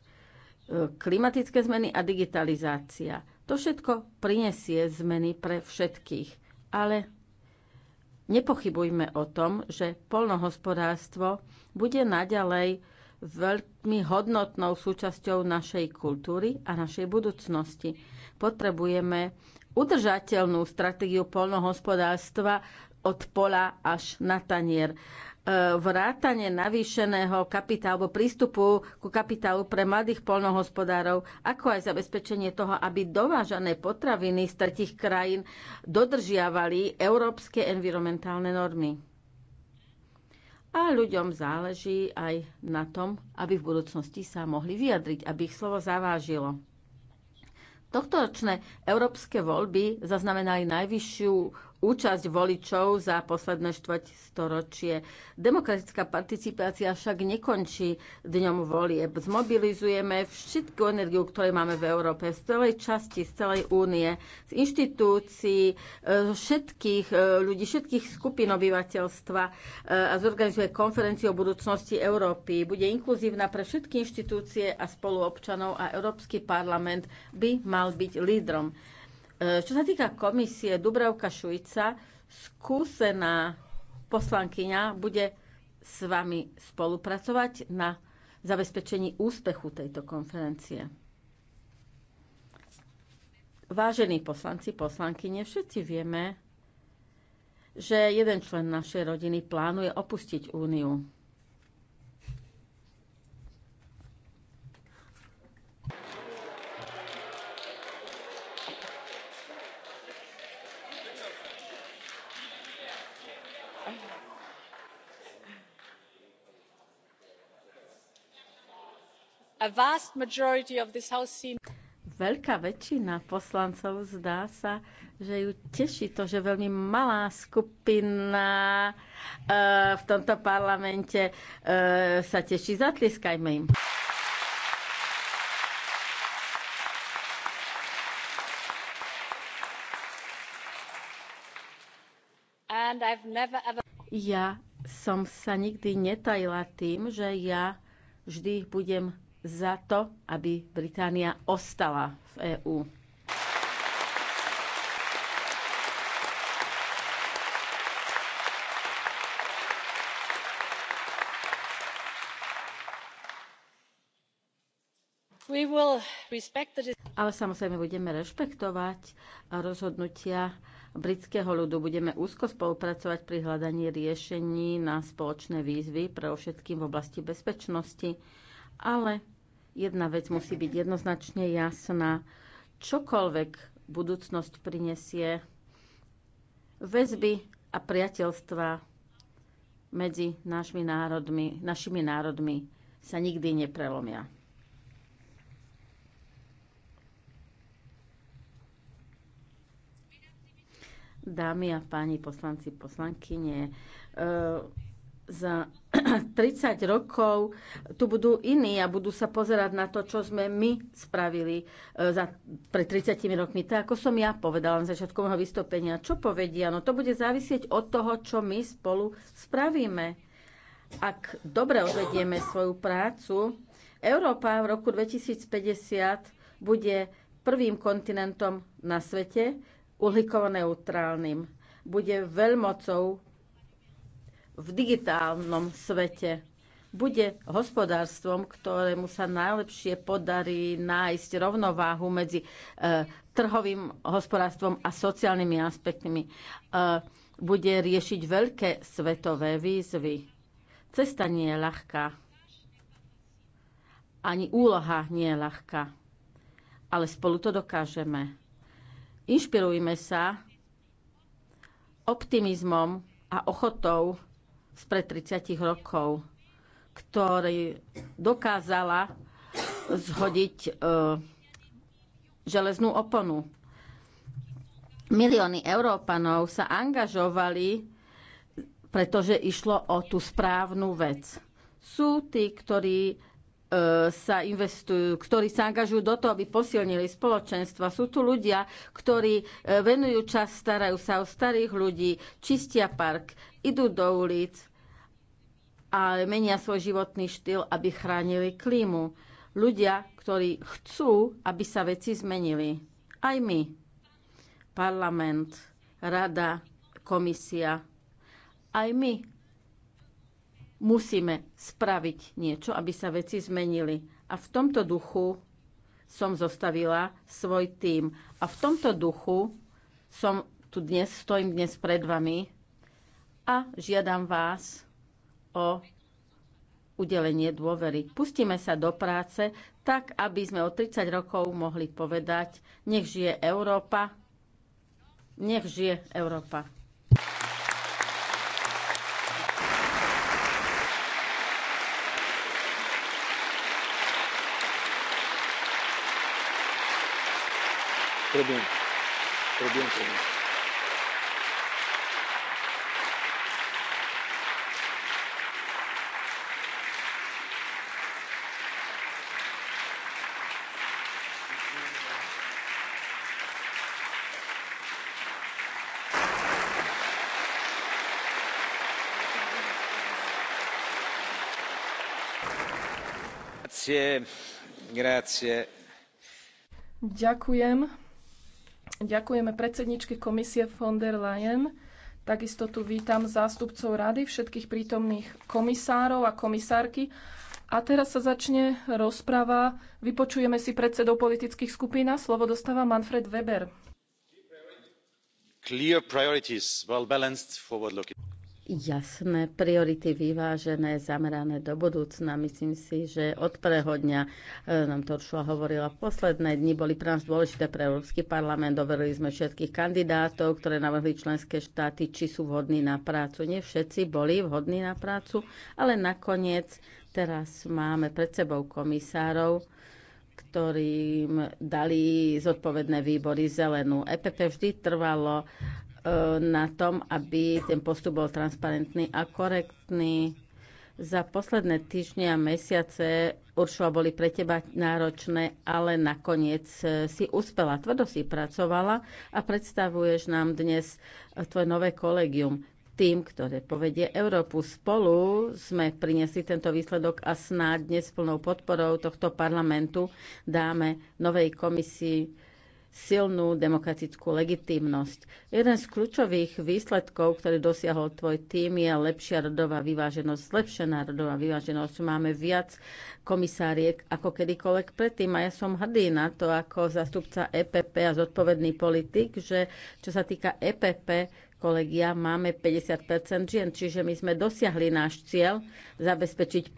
klimatické zmeny a digitalizácia. To všetko prinesie zmeny pre všetkých. Ale nepochybujme o tom, že polnohospodárstvo bude naďalej veľmi hodnotnou súčasťou našej kultúry a našej budúcnosti. Potrebujeme udržateľnú stratégiu polnohospodárstva od pola až na tanier e, vrátanie navýšeného kapitálu, prístupu ku kapitálu pre mladých polnohospodárov, ako aj zabezpečenie toho, aby dovážané potraviny z tretich krajín dodržiavali európske environmentálne normy a ľuďom záleží aj na tom, aby v budúcnosti sa mohli vyjadriť, aby ich slovo zavážilo. Tohtoročné európske voľby zaznamenali najvyššiu účasť voličov za posledné štvrť storočie. Demokratická participácia však nekončí dňom volieb. Zmobilizujeme všetku energiu, ktorú máme v Európe, z celej časti, z celej únie, z inštitúcií, e, všetkých e, ľudí, všetkých skupín obyvateľstva e, a zorganizuje konferenciu o budúcnosti Európy. Bude inkluzívna pre všetky inštitúcie a spoluobčanov a Európsky parlament by mal byť lídrom. E, čo sa týka komisie, Dubravka Šujca, skúsená poslankyňa, bude s vami spolupracovať na zabezpečení úspechu tejto konferencie. Vážení poslanci, poslankyne, všetci vieme, že jeden člen našej rodiny plánuje opustiť Úniu. Veľká väčšina poslancov zdá sa, že ju teší to, že veľmi malá skupina uh, v tomto parlamente uh, sa teší. Zatlieskajme im. And I've never ever... Ja som sa nikdy netajila tým, že ja vždy budem za to, aby Británia ostala v EÚ. Ale samozrejme budeme rešpektovať rozhodnutia britského ľudu. Budeme úzko spolupracovať pri hľadaní riešení na spoločné výzvy, pre všetkým v oblasti bezpečnosti, ale Jedna vec musí byť jednoznačne jasná. Čokoľvek budúcnosť prinesie, väzby a priateľstva medzi našimi národmi, našimi národmi sa nikdy neprelomia. Dámy a páni poslanci, poslankyne, e za 30 rokov tu budú iní a budú sa pozerať na to, čo sme my spravili e, za, pred 30 rokmi. Tak ako som ja povedala na začiatku môjho vystúpenia, čo povedia, no to bude závisieť od toho, čo my spolu spravíme. Ak dobre odvedieme svoju prácu, Európa v roku 2050 bude prvým kontinentom na svete uhlíkovo neutrálnym. Bude veľmocou v digitálnom svete bude hospodárstvom, ktorému sa najlepšie podarí nájsť rovnováhu medzi e, trhovým hospodárstvom a sociálnymi aspektmi. E, bude riešiť veľké svetové výzvy. Cesta nie je ľahká. Ani úloha nie je ľahká. Ale spolu to dokážeme. Inšpirujme sa optimizmom a ochotou spred 30 rokov, ktorý dokázala zhodiť e, železnú oponu. Milióny Európanov sa angažovali, pretože išlo o tú správnu vec. Sú tí, ktorí E, sa investujú, ktorí sa angažujú do toho, aby posilnili spoločenstva. Sú tu ľudia, ktorí e, venujú čas, starajú sa o starých ľudí, čistia park, idú do ulic a menia svoj životný štýl, aby chránili klímu. Ľudia, ktorí chcú, aby sa veci zmenili. Aj my. Parlament, rada, komisia. Aj my musíme spraviť niečo, aby sa veci zmenili. A v tomto duchu som zostavila svoj tím. A v tomto duchu som tu dnes, stojím dnes pred vami a žiadam vás o udelenie dôvery. Pustíme sa do práce tak, aby sme o 30 rokov mohli povedať, nech žije Európa, nech žije Európa. problema problema problema. Grazie, grazie. Ďakujem. Ďakujeme predsedničke komisie von der Leyen. Takisto tu vítam zástupcov rady, všetkých prítomných komisárov a komisárky. A teraz sa začne rozprava. Vypočujeme si predsedov politických skupín a slovo dostáva Manfred Weber. Clear priorities, well balanced, forward looking jasné priority vyvážené, zamerané do budúcna. Myslím si, že od prvého dňa, e, nám to Uršula hovorila, posledné dni boli pre nás dôležité pre Európsky parlament. Overili sme všetkých kandidátov, ktoré navrhli členské štáty, či sú vhodní na prácu. Nie všetci boli vhodní na prácu, ale nakoniec teraz máme pred sebou komisárov, ktorým dali zodpovedné výbory zelenú. EPP vždy trvalo na tom, aby ten postup bol transparentný a korektný. Za posledné týždne a mesiace Uršova boli pre teba náročné, ale nakoniec eh, si uspela, tvrdo si pracovala a predstavuješ nám dnes eh, tvoje nové kolegium. Tým, ktoré povedie Európu spolu, sme priniesli tento výsledok a snáď dnes plnou podporou tohto parlamentu dáme novej komisii silnú demokratickú legitímnosť. Jeden z kľúčových výsledkov, ktorý dosiahol tvoj tým, je lepšia rodová vyváženosť, zlepšená rodová vyváženosť. Máme viac komisáriek ako kedykoľvek predtým a ja som hrdý na to ako zastupca EPP a zodpovedný politik, že čo sa týka EPP, kolegia máme 50 žien, čiže my sme dosiahli náš cieľ zabezpečiť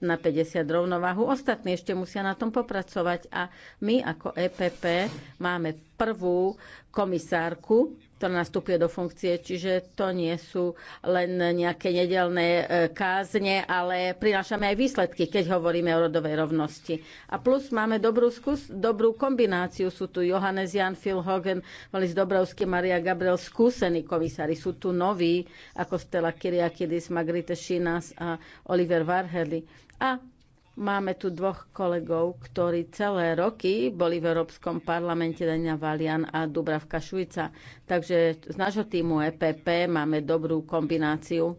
50 na 50 rovnováhu. Ostatní ešte musia na tom popracovať a my ako EPP máme prvú komisárku ktorá nastupuje do funkcie. Čiže to nie sú len nejaké nedelné e, kázne, ale prinášame aj výsledky, keď hovoríme o rodovej rovnosti. A plus máme dobrú, skús- dobrú kombináciu. Sú tu Johannes Jan, Phil Hogan, Valis Dobrovský, Maria Gabriel, skúsení komisári. Sú tu noví, ako Stella Kiriakidis, Magritte Šinas a Oliver Varhely. A Máme tu dvoch kolegov, ktorí celé roky boli v Európskom parlamente, Dania Valian a Dubravka Švica. Takže z nášho týmu EPP máme dobrú kombináciu, e,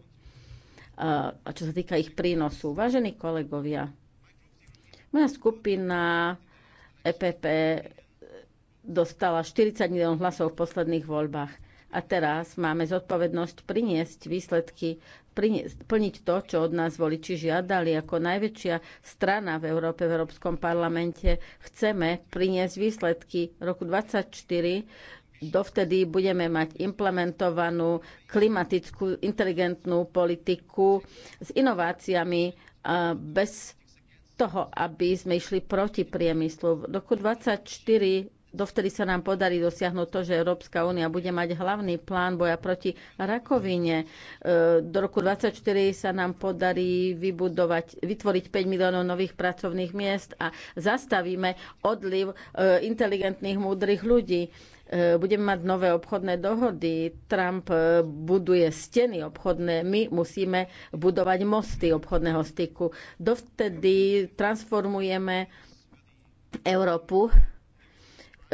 čo sa týka ich prínosu. Vážení kolegovia, moja skupina EPP dostala 40 miliónov hlasov v posledných voľbách. A teraz máme zodpovednosť priniesť výsledky plniť to, čo od nás voliči žiadali. Ako najväčšia strana v Európe, v Európskom parlamente chceme priniesť výsledky roku 2024 dovtedy budeme mať implementovanú klimatickú inteligentnú politiku s inováciami bez toho, aby sme išli proti priemyslu. V roku 2024 dovtedy sa nám podarí dosiahnuť to, že Európska únia bude mať hlavný plán boja proti rakovine. E, do roku 2024 sa nám podarí vybudovať, vytvoriť 5 miliónov nových pracovných miest a zastavíme odliv e, inteligentných, múdrych ľudí. E, budeme mať nové obchodné dohody. Trump buduje steny obchodné. My musíme budovať mosty obchodného styku. Dovtedy transformujeme Európu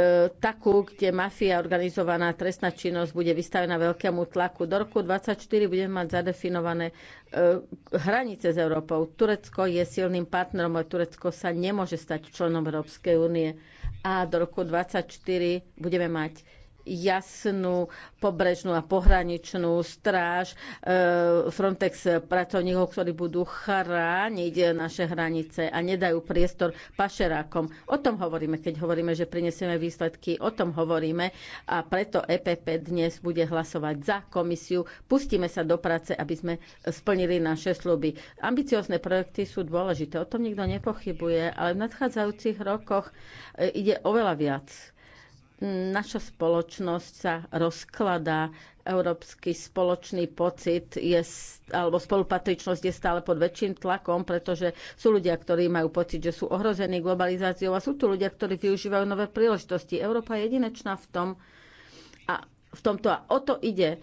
E, takú, kde mafia organizovaná trestná činnosť bude vystavená veľkému tlaku. Do roku 2024 budeme mať zadefinované e, hranice s Európou. Turecko je silným partnerom, ale Turecko sa nemôže stať členom Európskej únie. A do roku 2024 budeme mať jasnú pobrežnú a pohraničnú stráž e, Frontex pracovníkov, ktorí budú chrániť naše hranice a nedajú priestor pašerákom. O tom hovoríme, keď hovoríme, že prinesieme výsledky, o tom hovoríme a preto EPP dnes bude hlasovať za komisiu. Pustíme sa do práce, aby sme splnili naše sluby. Ambiciózne projekty sú dôležité, o tom nikto nepochybuje, ale v nadchádzajúcich rokoch e, ide oveľa viac naša spoločnosť sa rozkladá, európsky spoločný pocit je, alebo spolupatričnosť je stále pod väčším tlakom, pretože sú ľudia, ktorí majú pocit, že sú ohrození globalizáciou a sú tu ľudia, ktorí využívajú nové príležitosti. Európa je jedinečná v tom a v tomto a o to ide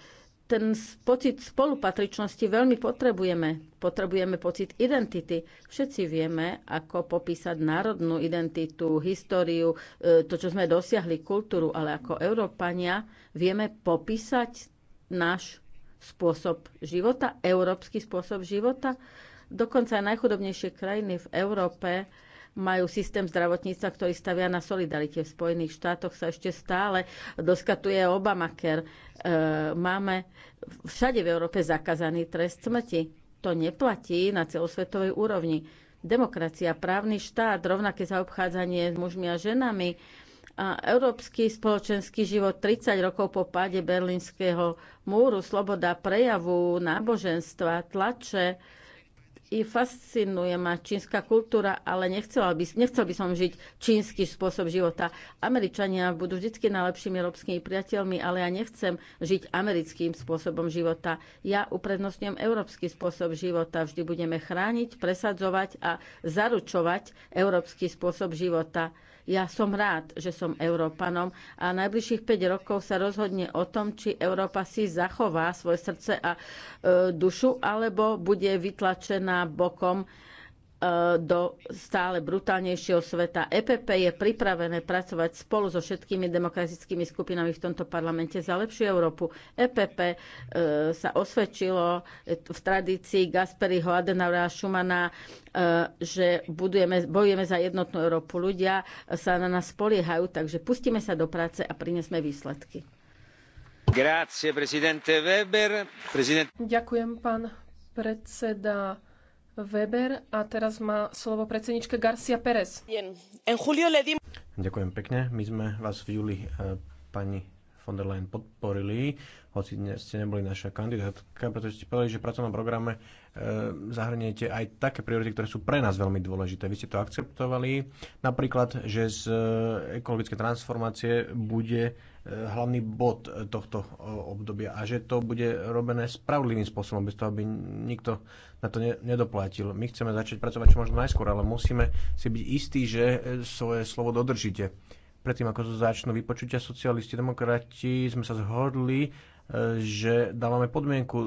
ten pocit spolupatričnosti veľmi potrebujeme. Potrebujeme pocit identity. Všetci vieme, ako popísať národnú identitu, históriu, e, to, čo sme dosiahli, kultúru, ale ako Európania vieme popísať náš spôsob života, európsky spôsob života. Dokonca aj najchudobnejšie krajiny v Európe majú systém zdravotníctva, ktorý stavia na solidarite. V Spojených štátoch sa ešte stále doskatuje Obamaker. E, máme všade v Európe zakázaný trest smrti. To neplatí na celosvetovej úrovni. Demokracia, právny štát, rovnaké zaobchádzanie s mužmi a ženami, a európsky spoločenský život 30 rokov po páde berlínskeho múru, sloboda prejavu, náboženstva, tlače, i fascinuje ma čínska kultúra, ale nechcel by, nechcel by som žiť čínsky spôsob života. Američania budú vždy najlepšími európskymi priateľmi, ale ja nechcem žiť americkým spôsobom života. Ja uprednostňujem európsky spôsob života. Vždy budeme chrániť, presadzovať a zaručovať európsky spôsob života ja som rád, že som Európanom a najbližších 5 rokov sa rozhodne o tom, či Európa si zachová svoje srdce a e, dušu, alebo bude vytlačená bokom E, do stále brutálnejšieho sveta. EPP je pripravené pracovať spolu so všetkými demokratickými skupinami v tomto parlamente za lepšiu Európu. EPP e, sa osvedčilo v tradícii Gasperiho, Adenaura a Schumana, e, že budujeme, bojujeme za jednotnú Európu. Ľudia sa na nás spoliehajú, takže pustíme sa do práce a prinesme výsledky. Grazie, prezidente Weber. Prezident... Ďakujem, pán predseda Weber a teraz má slovo predsednička Garcia Pérez. Ďakujem pekne. My sme vás v júli, eh, pani von der Leyen podporili, hoci ste neboli naša kandidátka, pretože ste povedali, že v pracovnom programe e, zahrniete aj také priority, ktoré sú pre nás veľmi dôležité. Vy ste to akceptovali, napríklad, že z e, ekologické transformácie bude e, hlavný bod tohto obdobia a že to bude robené spravodlivým spôsobom, bez toho, aby nikto na to nedoplatil. My chceme začať pracovať čo možno najskôr, ale musíme si byť istí, že svoje slovo dodržíte Predtým, ako začnú vypočutia socialisti demokrati, sme sa zhodli, e, že dávame podmienku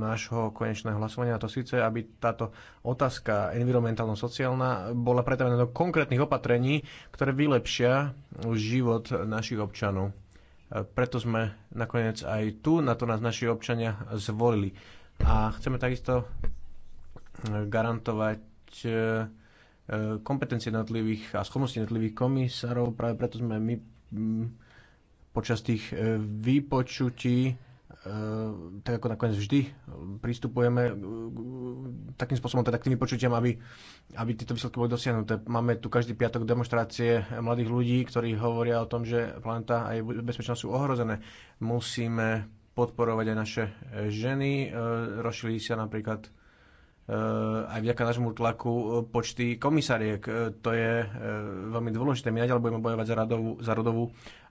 nášho e, konečného hlasovania, a to síce, aby táto otázka environmentálno-sociálna bola pretavená do konkrétnych opatrení, ktoré vylepšia život našich občanov. E, preto sme nakoniec aj tu, na to nás naši občania zvolili. A chceme takisto garantovať Eh, kompetencie jednotlivých a schopnosti jednotlivých komisárov. Práve preto sme my mm, počas tých eh, výpočutí eh, tak ako nakoniec vždy pristupujeme takým spôsobom, teda k tým vypočutiam, aby, aby tieto výsledky boli dosiahnuté. Máme tu každý piatok demonstrácie mladých ľudí, ktorí hovoria o tom, že planeta a jej bezpečnosť sú ohrozené. Musíme podporovať aj naše ženy. Rošili sa napríklad Eh, aj vďaka nášmu tlaku eh, počty komisariek. Eh, to je veľmi dôležité. My naďalej budeme bojovať za, radovú, za rodovú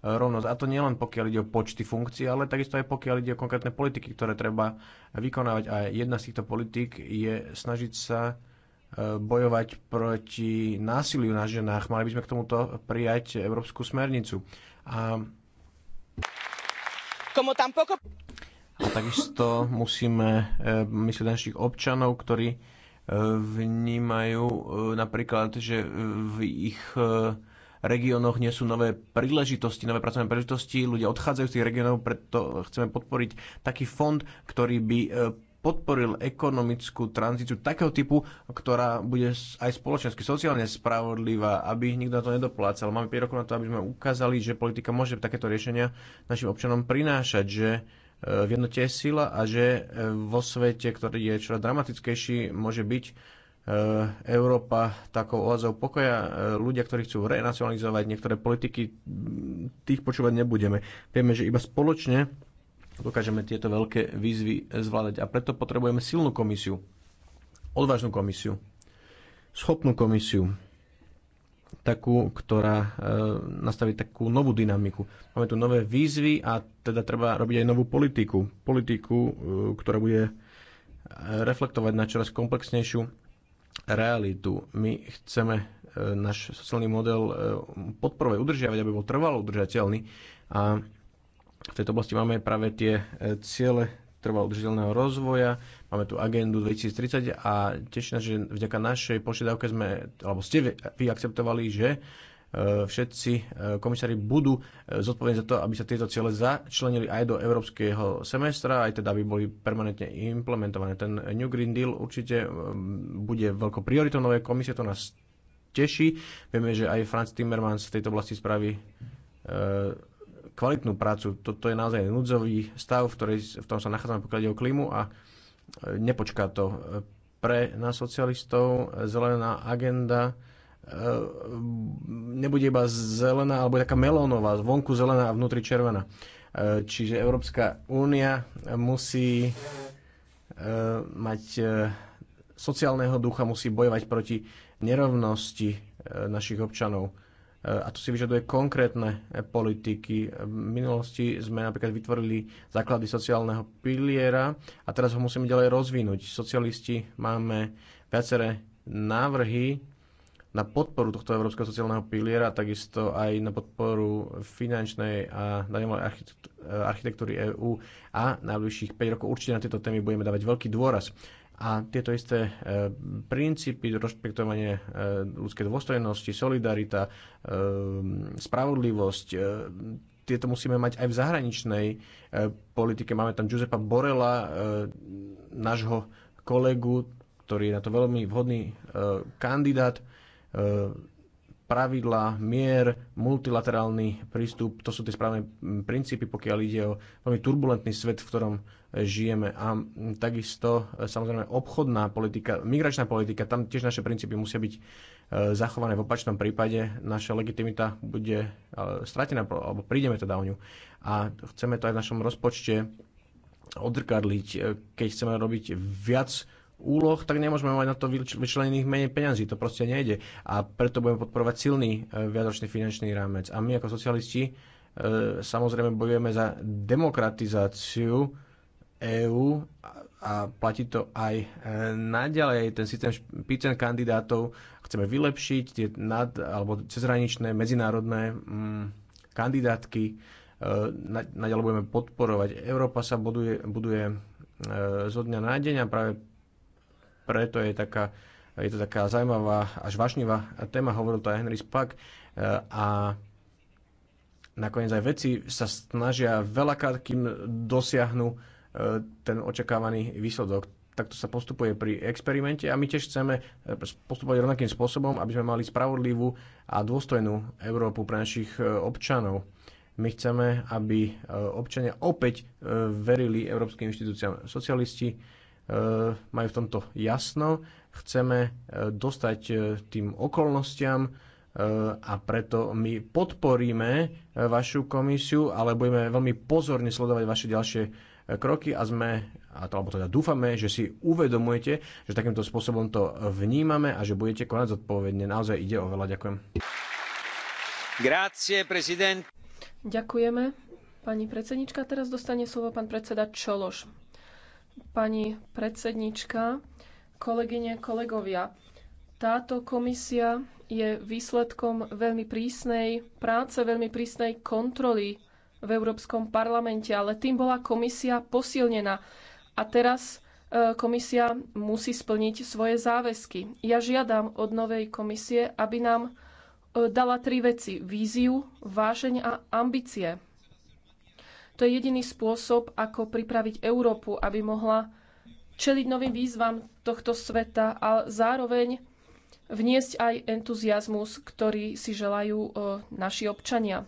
rovnosť. A to nielen pokiaľ ide o počty funkcií, ale takisto aj pokiaľ ide o konkrétne politiky, ktoré treba vykonávať. A jedna z týchto politik je snažiť sa bojovať proti násiliu na ženách. Mali by sme k tomuto prijať európsku smernicu. A... A takisto musíme e, myslieť našich občanov, ktorí e, vnímajú e, napríklad, že v ich regiónoch nie sú nové príležitosti, nové pracovné príležitosti, ľudia odchádzajú z tých regiónov, preto chceme podporiť taký fond, ktorý by podporil ekonomickú tranzíciu takého typu, ktorá bude aj spoločensky, sociálne spravodlivá, aby nikto na to nedoplácal. Máme 5 rokov na to, aby sme ukázali, že politika môže takéto riešenia našim občanom prinášať, že v jednote je sila a že e, vo svete, ktorý je čo dramatickejší, môže byť e, Európa takou oázou pokoja. E, ľudia, ktorí chcú renacionalizovať niektoré politiky, tých počúvať nebudeme. Vieme, že iba spoločne dokážeme tieto veľké výzvy zvládať. A preto potrebujeme silnú komisiu, odvážnu komisiu, schopnú komisiu, takú, ktorá e, nastaví takú novú dynamiku. Máme tu nové výzvy a teda treba robiť aj novú politiku. Politiku, e, ktorá bude e, reflektovať na čoraz komplexnejšiu realitu. My chceme náš sociálny model podporovať, udržiavať, aby bol trvalo udržateľný a v tejto oblasti máme práve tie ciele trvalo udržiteľného rozvoja, máme tu agendu 2030 a teším nás, že vďaka našej požiadavke sme, alebo ste vy akceptovali, že e, všetci e, komisári budú e, zodpovední za to, aby sa tieto ciele začlenili aj do európskeho semestra, aj teda aby boli permanentne implementované. Ten New Green Deal určite bude veľkou prioritou novej komisie, to nás teší. Vieme, že aj Franz Timmermans v tejto oblasti spraví kvalitnú prácu. Toto je naozaj núdzový stav, v, ktorej, v tom sa nachádzame pokiaľ ide o klímu a e, nepočká to. Pre nás socialistov e, zelená agenda e, nebude iba zelená, alebo taká melónová, zvonku zelená a vnútri červená. Čiže Európska únia musí mať sociálneho ducha, musí bojovať proti nerovnosti našich občanov a to si vyžaduje konkrétne politiky. V minulosti sme napríklad vytvorili základy sociálneho piliera a teraz ho musíme ďalej rozvinúť. Socialisti máme viaceré návrhy na podporu tohto európskeho sociálneho piliera, takisto aj na podporu finančnej a daňovej architektúry EÚ a najbližších 5 rokov určite na tieto témy budeme dávať veľký dôraz a tieto isté e, princípy, rešpektovanie e, ľudskej dôstojnosti, solidarita, e, spravodlivosť, tieto musíme mať aj v zahraničnej politike. Máme tam Giuseppa Borela, nášho kolegu, ktorý je na to veľmi vhodný kandidát. Pravidla, mier, multilaterálny prístup, to sú tie správne princípy, pokiaľ ide o veľmi turbulentný svet, v ktorom žijeme. A takisto e, samozrejme obchodná politika, migračná politika, tam tiež naše princípy musia byť e, zachované. V opačnom prípade naša legitimita bude e, stratená, alebo prídeme teda o ňu. A chceme to aj v našom rozpočte odrkadliť, keď chceme robiť viac úloh, tak nemôžeme mať na to vyčlenených menej peňazí. To proste nejde. A preto budeme podporovať silný e, viadočný finančný rámec. A my ako socialisti e, samozrejme bojujeme za demokratizáciu EÚ a platí to aj e, naďalej. Ten systém špicen kandidátov chceme vylepšiť, tie nad, alebo cezhraničné, medzinárodné mm, kandidátky naďalej budeme podporovať. Európa sa buduje, buduje zo dňa na deň a práve preto je, taká, je to taká zaujímavá až vášnivá téma, hovoril to aj Henry Spack e, a nakoniec aj veci sa snažia veľakrát, kým dosiahnu e, ten očakávaný výsledok. Takto sa postupuje pri experimente a my tiež chceme e, postupovať rovnakým spôsobom, aby sme mali spravodlivú a dôstojnú Európu pre našich občanov. My chceme, aby občania opäť verili európskym inštitúciám. Socialisti E, majú v tomto jasno. Chceme e, dostať e, tým okolnostiam a preto my podporíme vašu komisiu, ale budeme veľmi pozorne sledovať vaše ďalšie kroky a sme, alebo teda dúfame, že si uvedomujete, že takýmto spôsobom to vnímame a že budete konať zodpovedne. Naozaj ide o veľa. Ďakujem. Grazie, prezident. Ďakujeme. Pani predsednička, teraz dostane slovo pán predseda Čološ pani predsednička, kolegyne, kolegovia. Táto komisia je výsledkom veľmi prísnej práce, veľmi prísnej kontroly v Európskom parlamente, ale tým bola komisia posilnená. A teraz e, komisia musí splniť svoje záväzky. Ja žiadam od novej komisie, aby nám e, dala tri veci. Víziu, vášeň a ambície. To je jediný spôsob, ako pripraviť Európu, aby mohla čeliť novým výzvam tohto sveta a zároveň vniesť aj entuziasmus, ktorý si želajú e, naši občania. E,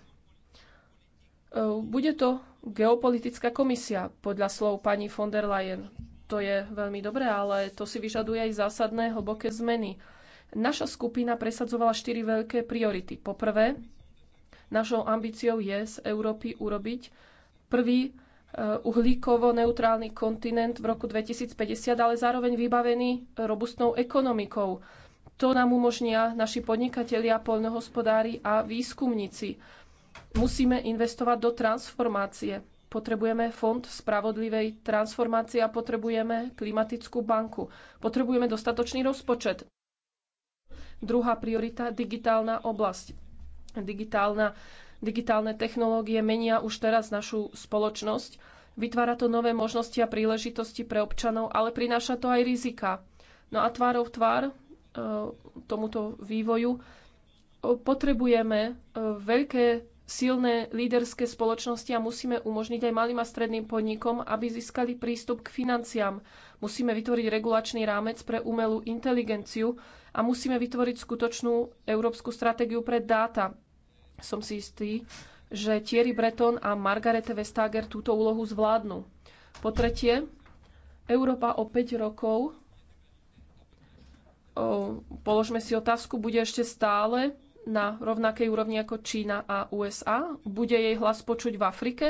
bude to geopolitická komisia, podľa slov pani von der Leyen. To je veľmi dobré, ale to si vyžaduje aj zásadné hlboké zmeny. Naša skupina presadzovala štyri veľké priority. Poprvé, našou ambíciou je z Európy urobiť prvý e, uhlíkovo-neutrálny kontinent v roku 2050, ale zároveň vybavený robustnou ekonomikou. To nám umožnia naši podnikatelia, poľnohospodári a výskumníci. Musíme investovať do transformácie. Potrebujeme fond spravodlivej transformácie a potrebujeme klimatickú banku. Potrebujeme dostatočný rozpočet. Druhá priorita digitálna oblasť. Digitálna Digitálne technológie menia už teraz našu spoločnosť. Vytvára to nové možnosti a príležitosti pre občanov, ale prináša to aj rizika. No a tvárov tvár e, tomuto vývoju e, potrebujeme e, veľké silné líderské spoločnosti a musíme umožniť aj malým a stredným podnikom, aby získali prístup k financiám. Musíme vytvoriť regulačný rámec pre umelú inteligenciu a musíme vytvoriť skutočnú európsku stratégiu pre dáta. Som si istý, že Thierry Breton a Margarete Vestager túto úlohu zvládnu. Po tretie, Európa o 5 rokov, položme si otázku, bude ešte stále na rovnakej úrovni ako Čína a USA? Bude jej hlas počuť v Afrike?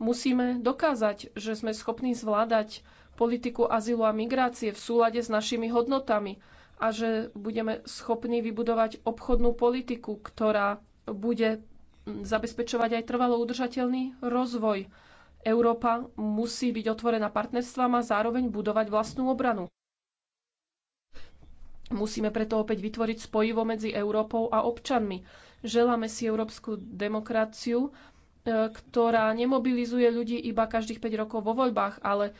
Musíme dokázať, že sme schopní zvládať politiku azylu a migrácie v súlade s našimi hodnotami a že budeme schopní vybudovať obchodnú politiku, ktorá bude zabezpečovať aj trvalo udržateľný rozvoj. Európa musí byť otvorená partnerstvám a zároveň budovať vlastnú obranu. Musíme preto opäť vytvoriť spojivo medzi Európou a občanmi. Želáme si európsku demokraciu, e, ktorá nemobilizuje ľudí iba každých 5 rokov vo voľbách, ale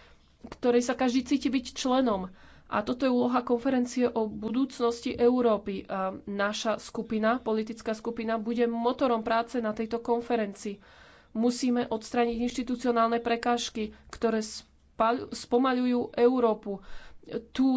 ktorej sa každý cíti byť členom. A toto je úloha konferencie o budúcnosti Európy. Naša skupina, politická skupina, bude motorom práce na tejto konferencii. Musíme odstraniť inštitucionálne prekážky, ktoré spomaľujú Európu. Tu